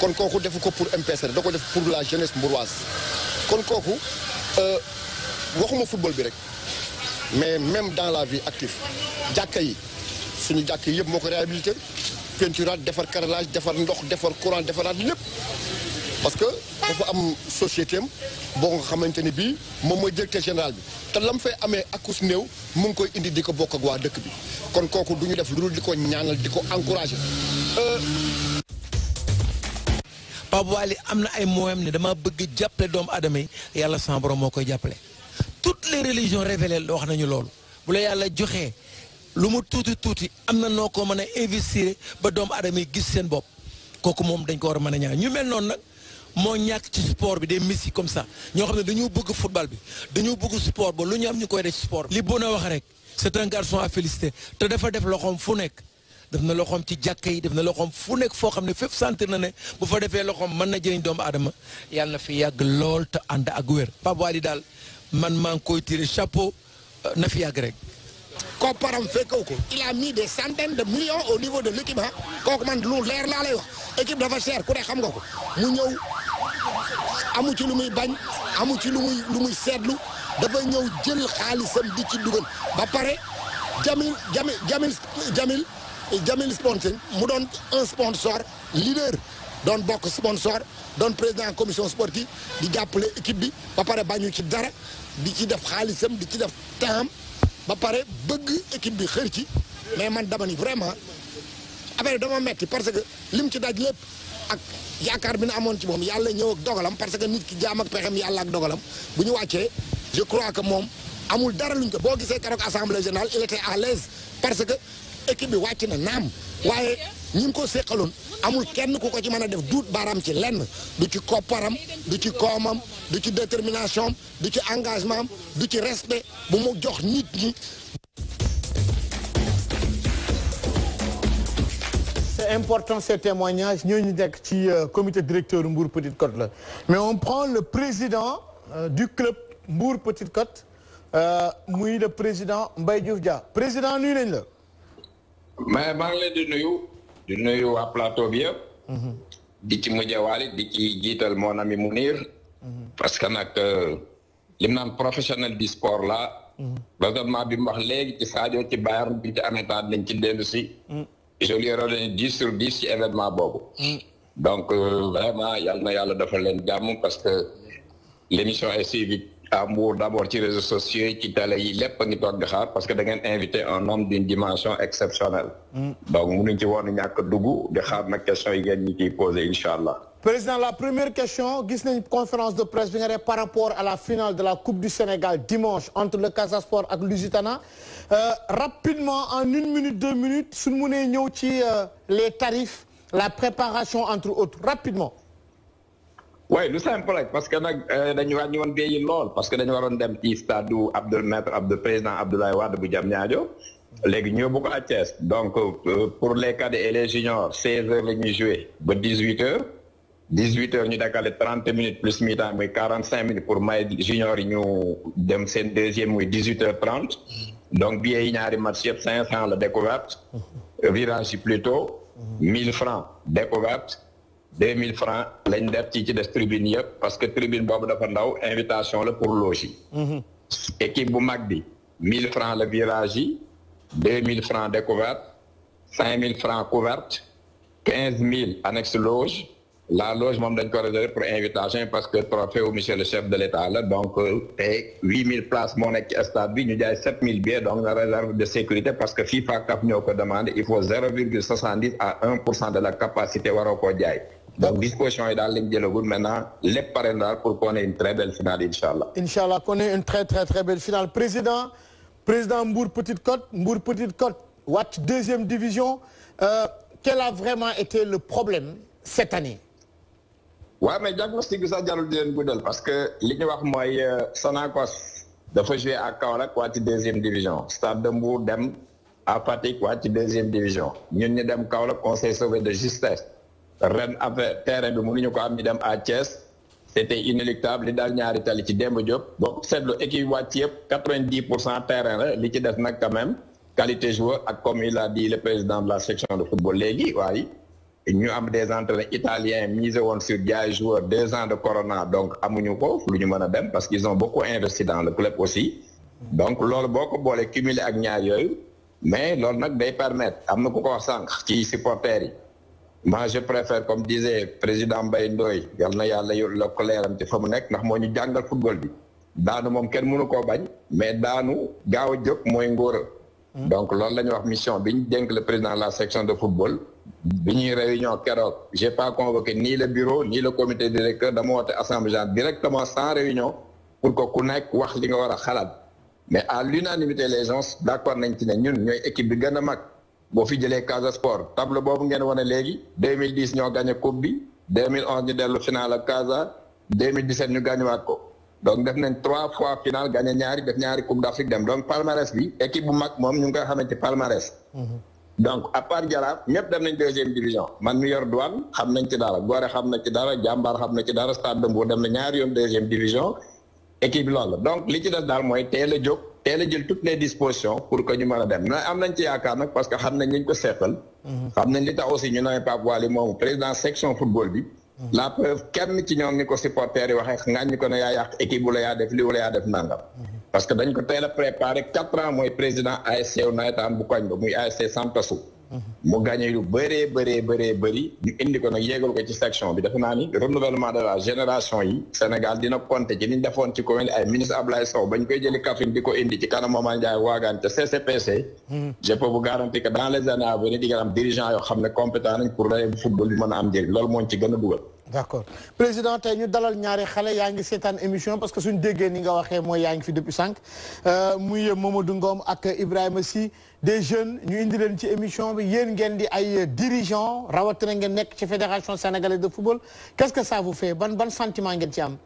kon koku def ko pour MPC da ko pour la jeunesse mbouroise kon euh, waxuma football bi rek mais même dans la vie active jàkka suñu jàkk yëpp moo ko réhabilité peinturaat defar carrelage defar ndox defar courant defaraat lépp parce que dafa am société am nga xamante bi mom moom directeur général bi té lam fay amé akus new mu ngi koy indi diko ko bokk ak wa dëkk bi kon koku duñu def lu diko ñaanal diko encourager encouragé Pape Waly amna ay moyens né dama bëgg jàppale doomu aadama yi yàlla sama borom moo koy jàppale toutes les religions révélées wax nañu lool bu la yalla joxé lu mu tuuti amna noko na noo investir ba doomu aadama yi gis seen bopp kooku moom dañ ko wara a ñaan ñu mel non nak mo ñak ci sport bi des missi comme ça ño xamne dañu bëgg football bi dañu bëgg sport bo lu ñu am ñu def ci sport li bon wax rek c'est un garçon à féliciter te dafa def loxom fu nek def na loxom ci jakkay def na loxom fu nek fo xamne ne fépp sentir na ne bu fa defee loxom mën na jëriñ doomu aadama yàlla na fi yag lool te and ak wër pap Waly dal man mang koy tirer chapeau na fi yag rek kopparam fekkewu ko il a mis des centaines de millions au niveau de l'équipe ah kooku man lu leer laa équipe dafa cher pour ne xam nga ko mu ñëw amu ci lu muy bañ amu ci lu muy lu muy seetlu dafa ñëw jël xaalisam di ci ba Jamil Jamil Jamil Jamil Jamil Sponsoring mu doon un sponsor leader donne bokk sponsor donne président commission sportive di jàppale équipe bi ba pare bañu ci dara di ci def xaalisam di ci def temps ba pare bëgg équipe bi xër ci mais man dama ni vraiment affaire dama metti parce que lim ci daj lépp ak yaakaar bi na amoon ci moom yàlla ñëw ak dogalam parce que nit ki jaam ak pexem yàlla ak dogalam bu ñu wàccee je crois que moom amul dara luñ ko boo gisee keroog assemblée générale il était à l'aise parce que équipe bi wàcc na naam waaye ñi ngi ko séqaloon amul kenn ku ko ci mëna def duut baram ci lenn du ci kopparam du ci komam du ci détermination du ci engagement du ci respect bu mu jox nit ñi. c'est important ces témoignages ñooñu nekk ci euh, comité directeur Mbour Petite Côte la mais on prend le président euh, du club Mbour Petite Côte euh, muy le président Mbaye Diouf Dia président nuyu nañ la. mais maa ngi leen di nuyu. di nuyu waa plateau bi yëpp. Mhm. di ci mujjee waale di ci jiital mon ami Mounir. Mhm. parce que nag euh, li naan professionnel du sport la. Mhm. raisonnement bi mu wax léegi ci Sadio ci Bayern bi ci Ameta dañ ci dellu si. je lui ai redonné dix sur dix ci événement boobu. donc euh, vraiment yal na yàlla dafa leen jàmm parce que l' émission est suivie. Amour, d'abord ci réseaux sociaux tu ci y parce que tu as invité un homme d'une dimension exceptionnelle. Mm. donc mënuñ ci woon que Dougou, de xaar ma question yi Président la première question une une conférence de presse bi par rapport à la finale de la coupe du Sénégal dimanche entre le Casasport et l'Uzitana. Euh, rapidement en une minute deux minutes si mënee ñëw euh, les tarifs la préparation entre autres rapidement. Oui, nous sommes prêts, parce que nous euh, dañu wañ un bi parce que dañu waron dem ci stade du Abdelmaître, Maître Président Abdoulaye Wad bu jam donc euh, pour les cadets et les juniors 16h lañu jouer 18h 18h ñu avons 30 minutes plus mi temps mais 45 minutes pour les juniors, ñu dem sen deuxième 18h30 donc billet a ñaari match 500 la découverte mmh. virage plus tôt, 1000 francs découverte 2000 francs lañ de ci tribune parce que tribune Bob dafa ndaw invitation le pour loger mhm. équipe bu 1 1000 francs le virage 2 2000 francs découverte 5000 francs couverte 15000 annexe loge la loge moom dañ ko corridor pour invitation parce que trophée au monsieur le chef de l'état là donc euh, places, 8000 places monnaie qui stade 7000 billets donc la réserve de sécurité parce que FIFA CAF ñoo demande il faut 0,70 à 1% de la capacité donc disposition est dans la ligne maintenant Les Maintenant, pour qu'on ait une très belle finale Inch'Allah. Inch'Allah, qu'on ait une très très très belle finale président président Mbour Petite Côte Mbour Petite Côte deuxième division euh, quel a vraiment été le problème cette année. Ouais, mais diagnostic ça, ça jarul parce que li ñu wax mooy fois, euh, je jouer à Kaola, quoi deuxième division Stade de Mbour dem à Fatick waa deuxième division Nous, sommes dem kaola on s'est sauvé de justesse ren avait terrain bi ñu ko am ni dem c'était inéluctable li dernières ñaari tali ci Demba Diop boo équipe wàcc yëpp 90% terrain la li ci def quand même qualité joueur comme il a dit le président de la section de football légui waaye ñu am des entraîneurs italiens misé woon sur jaay joueurs deux ans de corona donc amuñu ko lu ñu dem parce qu'ils ont beaucoup investi dans le club aussi donc loolu boko bolé cumulé ak ñaar mais loolu nak day permettre amna ko ko wax sànq moi je préfère comme disait le président Mbaye Ndoye yal yalla yàlla le de ci fa Nek, football. ndax moñu jangal football bi daanu mom kenn mënu ko bañ mais daanu gaaw a moy ngor hmm. donc loolu la wax mission biñ le président de la section de football bi une réunion Je j'ai pas convoqué ni le bureau ni le comité directeur dama wote assemblée directement sans réunion pour que ku nek wax li nga wara a mais à l'unanimité les gens d'accord nañ ci ne ñun ñoy équipe bi gëna boo fi jëlee Casa Sport table bob ngeen woné légui 2010 ñoo gagné coupe bi 2011 ñu dellu final à Casa 2017 ñu gagnéwaat ko donc def nañ trois fois final gagné ñaari def ñaari coupe d'Afrique dem donc palmarès bi équipe bu mag mom ñu nga koy xamante palmarès. Mhm. donc à part Jaraaf ñëpp dem nañ deuxième division man mi yor Douane xam nañ ci dara Gorée xam na ci dara jambar xam na ci dara Stade de Mbour dem na ñaari yoon deuxième division équipe lool donc li ci des daal moy téle a teel jël toutes les dispositions pour que ñu mën a dem na am nañ ci yaakaar nag parce que xam nañ liñ ko seetal. Mhm. xam nañ li tax aussi ñu ne Pape Waly moomu président section football bi. Mhm. la preuve kenn ci ñoom ni ko supporters yi waxee ngaañ ko ne yaa yàq équipe wala yaa def lii wala yaa def nangam. Mhm. parce que dañ ko teel a préparé quatre ans mooy président ASC nawetaan bu koñ ba muy ASC Santa Su. mu gagné lu bëree bëree bëree ñu indi ko nag yéegal ko ci section bi defe naa ni renouvellement de la génération yi Sénégal dina compter ci niñ defoon ci commune ay ministre Ablaye Sow bañ koy jëli Kaffrine di ko indi ci kanam Momar Ndiaye Wagane te CCPC hmm. je peux vous dans les années à venir di nga yoo xam ne compétent nañ pour raybu football bi mën am njëriñ loolu moo ci gën a dugal d'accord président ñu dalal ñaari xale yaa ngi seetaan émission des jeunes ñu indi leen ci émission bi yéen ngeen di ay dirigeants rawatina ngeen nekk ci fédération sénégalaise de football qu'est-ce que ça vous fait Bon, bon sentiment ngeen ci am.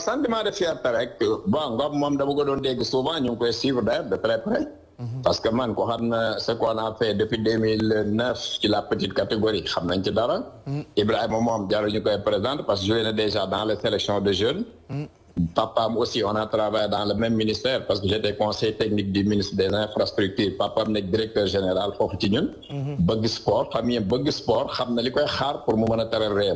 sentiment de fierté rek bon comme moom dama ko doon dégg souvent ñu ngi suivre de très près. Mhm. parce que man ko xam na ce qu'on a fait depuis 2009 ci la petite catégorie xam nañ ci dara. Mhm. Ibrahima moom jaruñu koy présent parce que joué déjà dans les sélections de jeunes. Mhm. Papa, aussi, on a travaillé dans le même ministère parce que j'étais conseiller technique du ministre des Infrastructures. Papa suis directeur général faut ci ñun. Mhm. sport famille bug sport pour mu moment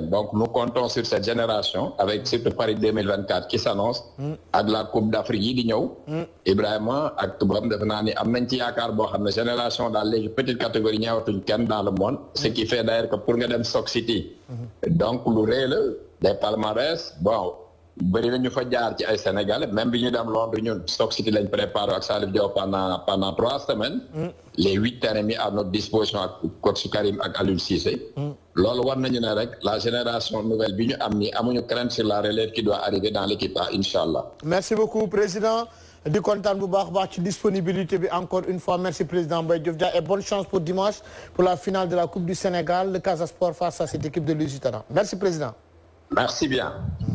donc nous comptons sur cette génération avec cette Paris 2024 qui s'annonce à mhm. la Coupe d'Afrique yi di mhm. Ibrahima ak Toubam defe naa à ci génération les petites petites catégories dans le monde. ce qui fait d'ailleurs que pour nous, dem une City. donc nous réel des palmarès bon bari na fa jaar ci ay Sénégalais même bi ñu dem Londres ñun nous City lañ préparé ak Salif pendant pendant trois semaines. Mm. les huit terrains mis à notre disposition ak coach Karim ak Aliou Cissé. Mm. loolu war nañu ne rek la génération nouvelle bi ñu am ni amuñu crainte sur la relève qui doit arriver dans l'équipe ah, inshallah merci beaucoup président di contane bu baax baax ci disponibilité bi encore une fois merci président Mbaye Diouf et bonne chance pour dimanche pour la finale de la coupe du Sénégal le Casa Sport face à cette équipe de Lusitana merci président. merci bien. Mm.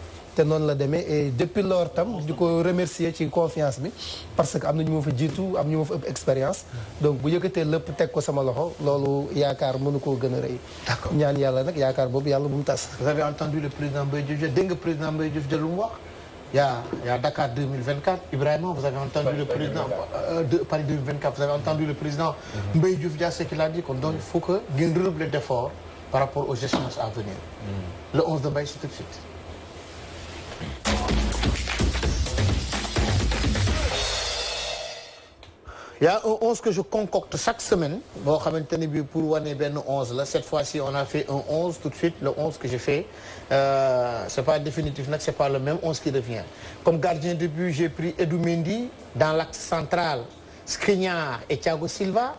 te non la démé et depuis lors tam di remercier ci confiance mi parce que amna ñu mo fa jitu am ñu mo fa expérience donc bu yëkkatee lepp tek ko sama loxo lolu yaakar mënu ko gëna reuy d'accord ñaan yalla nak yaakar boobu yalla bu mu tas vous avez entendu le président Mbaye Diouf dégg nga président Mbaye Diouf de lu wax ya ya Dakar 2024. Ibrahima, vous avez entendu le président euh, de Paris 2024. Vous avez entendu le président mm -hmm. Mbaye Diouf Dia ce qu'il a dit. Donc il faut que gagne d'efforts par rapport aux échanges à venir. Mm Le 11 de mai, c'est tout de suite. Il y a un 11 que je concocte chaque semaine. Bon, pour Ben 11, là, cette fois-ci, on a fait un 11 tout de suite. Le 11 que j'ai fait, euh, c'est pas définitif, c'est pas le même 11 qui revient. Comme gardien de but, j'ai pris Edou Mendy dans l'axe central, Skriniar et Thiago Silva.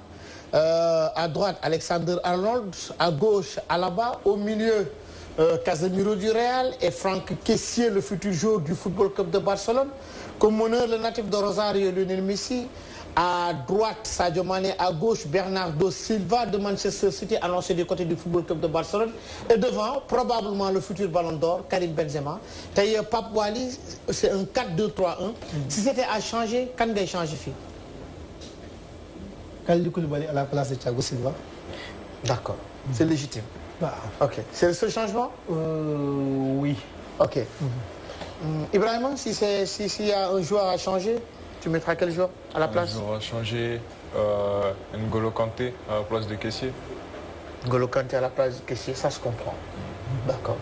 Euh, à droite, Alexander Arnold. À gauche, Alaba. Au milieu, euh, Casemiro du Real et Franck Kessier, le futur joueur du Football Club de Barcelone. Comme honneur, le natif de Rosario, Lionel Messi. À droite, Sadio Mane À gauche, Bernardo Silva de Manchester City, annoncé du côté du Football Club de Barcelone. Et devant, probablement le futur Ballon d'Or, Karim Benzema. D'ailleurs, Papouali c'est un 4-2-3-1. Si c'était à changer, quand il changer Khalidou Koulibaly à la place de Thiago Silva. D'accord, c'est légitime ok. C'est le seul changement euh, Oui. Ok. Mm -hmm. s'il si, si y a un joueur à changer, tu mettras quel joueur à la place Un joueur à changer, euh, N'Golo Kanté à la place de caissier. N'Golo Kanté à la place de caissier, ça se comprend. Mm. D'accord.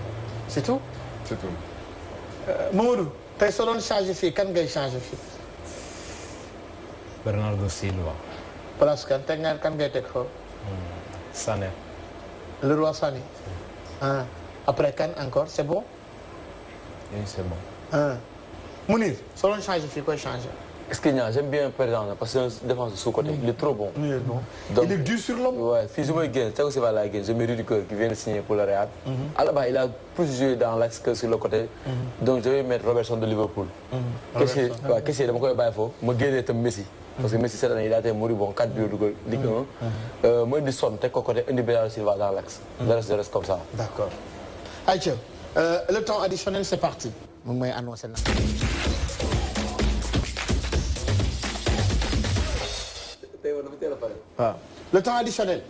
C'est tout C'est tout. Euh, personne ne change ici. Quand tu change ici? Bernardo Silva. Place quand tu as Sané le roi Sani. Hein? Après Cannes encore, c'est bon Oui, c'est bon. Hein. Mounir, selon change, il faut quoi changer est-ce qu'il a J'aime bien le président parce que c'est défense de sous-côté. Il est trop bon. Il est il est dur sur l'homme Ouais, physiquement, il gagne. C'est pas la gagne. Je mérite que qui vient de signer pour le Real. Mm il a plus joué dans l'axe que sur le côté. Mhm. Donc, je vais mettre Robertson de Liverpool. Mhm. Qu'est-ce qu'il c'est Qu'est-ce qu'il Je vais mettre Messi parce que même cette année il a été mouru bon 4 buts dugal Ligue 1 mu indi Son teg ko côté indi Silva dans l'axe le reste le reste comme ça d'accord Aïcha euh, le temps additionnel c'est parti mu ngi may le temps additionnel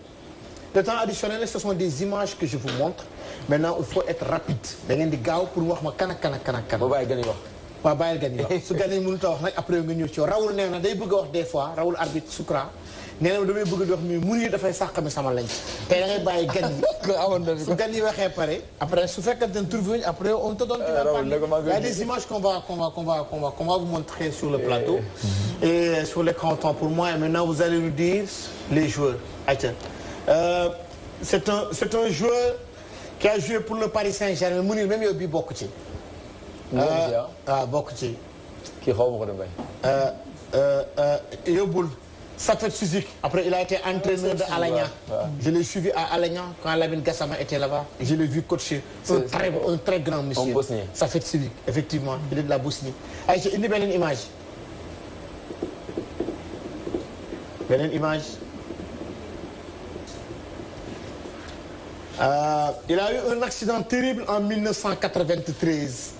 le temps additionnel ce sont des images que je vous montre maintenant il faut être rapide da di pour voir ma canne. ak kan ak kan ak waaw bàyyil su gan yi mënut wax après nga ñëw ci rawul nee day bëgg wax des fois Raoul arbitre Soukra néna na damay bëgg di wax mais mun yi dafay sàqami sama lañ té da ngay bàyyi gan yi su gan waxé paré après su fekkante ne trouvé après on te donne il y a des images qu'on va qu'on va qu'on va qu'on va qu'on va vous montrer sur le eh. plateau mhm. et sur l'écran temps pour moi et maintenant vous allez nous dire les joueurs euh, c'est un c'est un joueur qui a joué pour le Paris Saint-Germain mu même yow bi bokk ci euh, ah bokk qui euh, euh, après il a été entraîneur de Alanya. je l'ai suivi à Alanya quand Alamin Gassama était là-bas. je l'ai vu coacher. C'est très un très grand monsieur. Ça fait physique, effectivement il est de la Bosnie. Il j'ai une une image une image. Euh, il a eu un accident terrible en 1993.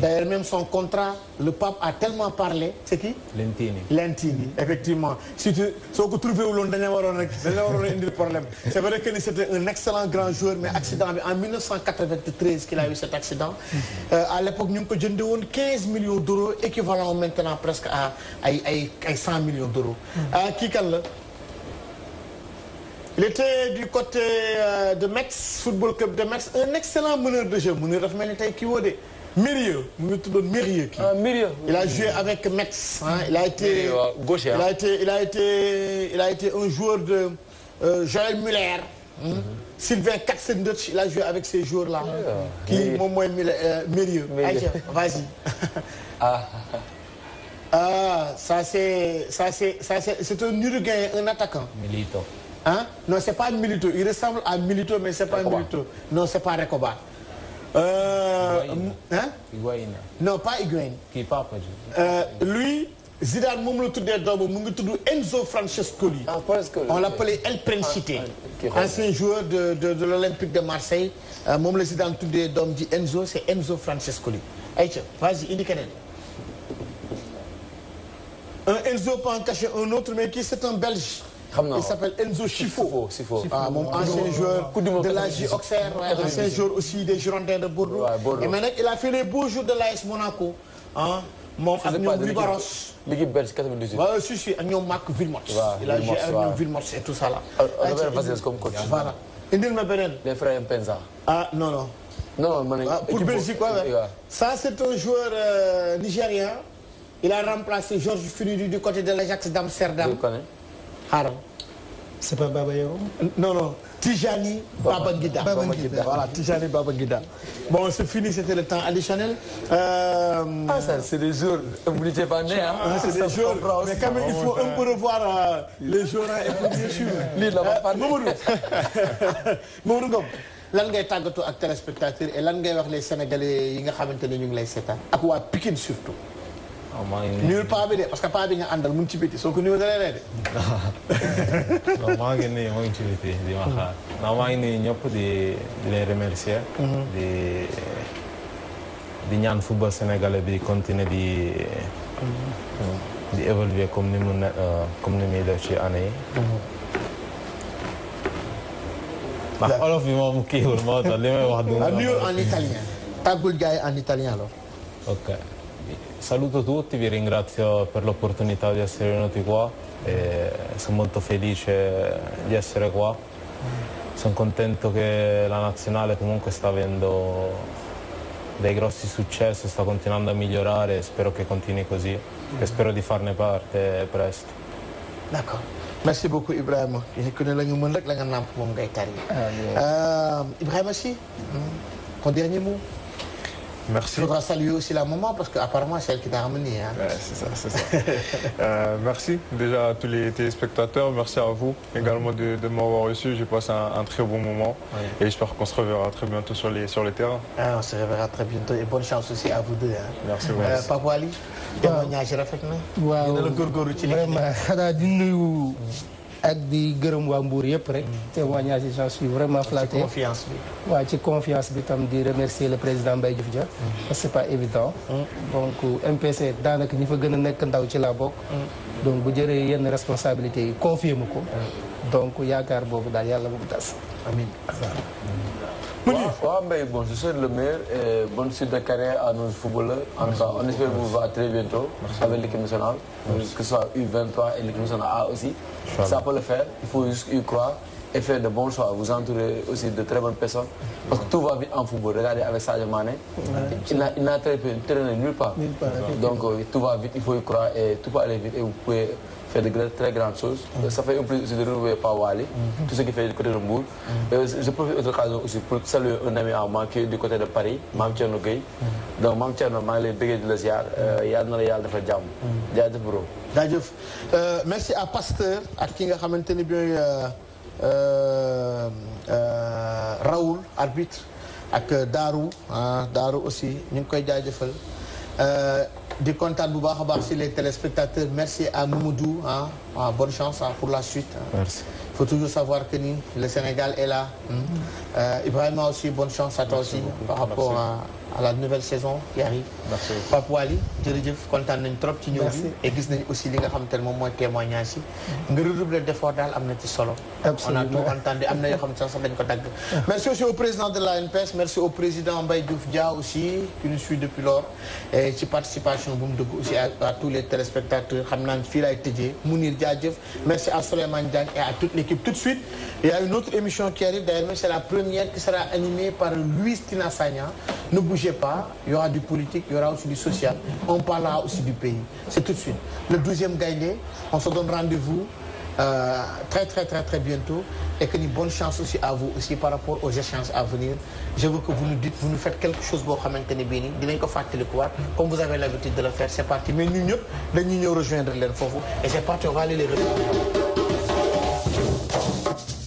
D'ailleurs, même son contrat, le pape a tellement parlé. C'est qui Lentini. Lentini, effectivement. Si tu, vous problème. C'est vrai que c'était un excellent grand joueur, mais accident. En 1993 qu'il a eu cet accident. Euh, à l'époque, nous avons 15 millions d'euros, équivalent maintenant presque à, 100 millions d'euros. Qui euh, calme il était du côté euh, de Metz football club de Metz un excellent meneur de jeu Meneur de de milieu, ah, il a joué avec Metz. il a été gaucher il a hein. été il a été il a été un joueur de euh, Joël Muller. Hein? Mm-hmm. Sylvain Katzendeutsch il a joué avec ces joueurs là. qui mon moins euh, Mérieux. vas-y. Ah. ah ça c'est ça c'est ça c'est un Uruguayen un attaquant. Milito. Hein? Non, c'est pas un Milito. Il ressemble à Milito, mais c'est pas un Milito. Non, c'est pas Recoba. Euh, Hein? Non, pas Higuain. Qui pas euh, Lui, Zidane, moi, le tourneur Enzo Francescoli. Ah, On l'appelait El Principité. Ah, ancien joueur de, l'Olympique de Marseille. Euh, Zidane, tout d'homme dit Enzo, c'est Enzo Francescoli. Vas-y, indique-le. Un Enzo pas en cacher un autre, mais qui c'est un Belge il s'appelle Enzo Chifo. Ah, mon ancien joueur de l'AJ Auxerre, euh, ancien joueur aussi des Girondins de Bordeaux. Et maintenant, il a fait les beaux jours de l'AS Monaco. Hein? Mon Agnon Baros. L'équipe belge 98. Oui, si, si, Agnon Marc Villemot. Il a joué Agnon Vilmot et tout ça là. Robert ah, faire comme coach. Voilà. Indil Maberen. Les frères Penza. Ah, non, non. Non, non, ah, Pour Belgique, quoi. Ça, c'est un joueur euh, nigérien. Il a remplacé Georges Funidu du côté de l'Ajax d'Amsterdam. xaaral c'est pas Baba Yawo non non Tijani Baba Ngida Baba Ngida voilà Tijani Baba Ngida bon c'est fini c'était le temps additionnel. Euh, ah ça c'est des jours vous n'étiez pas né hein. ah c'est des jours mais quand même il faut un peu revoir euh, les jours et pour bien suivre. lii la ma Mamadou Mamadou Ngom lan ngay tàggatoo ak téléspectateurs et lan ngay wax les sénégalais yi nga xamante ne ñu ngi lay seetaan ak waa Pikine surtout. nuyul paa bi de parce que paa bi nga àndal mu ngi ci biti soo ko nuyul nga lay de. non maa ngi nuyu maa ngi biti di ma xaar. non maa ngi nuyu ñëpp di di leen remercier. Mm-hmm. di di ñaan football sénégalais bi continuer di. Mm-hmm. di évoluer comme ni mu ne euh, comme ni muy def ci année yi. Mm-hmm. ndax olof bi moo tax li may wax. du ah, nuyul en italien tàggul gars en italien alors. saluto tutti, vi ringrazio per l'opportunità di essere venuti qua e sono molto felice di essere qua. Sono contento che la nazionale comunque sta avendo dei grossi successi, sta continuando a migliorare e spero che continui così e spero di farne parte presto. D'accordo. Merci beaucoup Ibrahima ku ne la ñu mën rek la nga nàmp moom ngay tari. Ibrahima Sy, ton dernier mot Il faudra saluer aussi la maman parce qu'apparemment c'est elle qui t'a ramené. Hein. c'est ça, c'est ça. Euh, merci déjà à tous les téléspectateurs. Merci à vous également de, m'avoir reçu. J'ai passé un, très bon moment et j'espère qu'on se reverra très bientôt sur les, sur les terrains. Ah, on se reverra très bientôt et bonne chance aussi à vous deux. Hein. Merci beaucoup. Euh, Ali, euh, ak di gërëm wa Mbour yëpp rek. Mm. témoignage yi j'en suis vraiment flatté. confiance bi waaw ci confiance bi tam di remercier le président Mbaye Diouf Dia. Mm. parce que c'est pas évident. Mm. donc MPC daanaka ñi fa gën a nekk ndaw ci laa bokk. donc bu jëree yenn responsabilité. yi confié ma ko. donc yaakaar boobu daal yàlla bu mu tas. Oui, bon, je souhaite le meilleur et bonne suite de carrière à nos footballeurs. En on espère vous voir très bientôt avec l'équipe nationale, que ce soit U23 et l'équipe nationale A aussi. Ça peut le faire, il faut juste y croire et faire de bons choix, vous entourez aussi de très bonnes personnes. Parce que tout va vite en football. Regardez avec Sadio Mané, il n'a peu nulle part. Nulle part Donc euh, tout va vite, il faut y croire et tout va aller vite et vous pouvez fait de très grandes choses. Mm. Ça fait un plaisir de renouveler Pawali, mm. Mm-hmm. tout ce qui fait du côté de Mbourg. Euh, je profite de l'occasion aussi pour saluer un ami à moi qui est du côté de Paris, Mam Tcherno Gueye. Mm-hmm. Donc Mam Tcherno, maa ngi lay bëggee la ziar euh, mm-hmm. yàlla na la yàlla dafa jàmm. jaajëf bro. jaajëf euh, merci à Pasteur ak ki nga bien euh, euh, euh, Raoul arbitre ak Darou, ah Daaru aussi ñu ngi koy jaajëfal. De contact, à nous, merci les téléspectateurs merci à Moumoudou. Hein. Ah, bonne chance hein, pour la suite. Hein. merci faut toujours savoir que le Sénégal est là. Hein. Euh, Ibrahima vraiment aussi, bonne chance à toi aussi par rapport à, la nouvelle saison qui arrive. Merci. Pape Wali, jërëjëf kontaan trop ci ñëw et gis aussi les nga xam moins mooy témoignage nous mm-hmm. nga redoubler d'effort daal am na ci solo. on a tout entendu Amener comme ça xam ne sax merci aussi au président de la NPS merci au président Mbaye Dia aussi qui nous suit depuis lors et ci participation aussi à, tous les téléspectateurs xam Fila et laay Mounir merci à Souleymane Diagne et à toutes les tout de suite. Il y a une autre émission qui arrive, d'ailleurs, c'est la première qui sera animée par Louis Tinassagna. Ne bougez pas, il y aura du politique, il y aura aussi du social. On parlera aussi du pays. C'est tout de suite. Le deuxième gagné, on se donne rendez-vous euh, très très très très bientôt et que une bonne chance aussi à vous aussi par rapport aux échanges à venir. Je veux que vous nous dites, vous nous faites quelque chose pour xamanteni que vous faites le comme vous avez l'habitude de le faire, c'est parti. Mais nous nous, nous rejoindre len vous et c'est parti, on va aller les rejoindre. Thank you.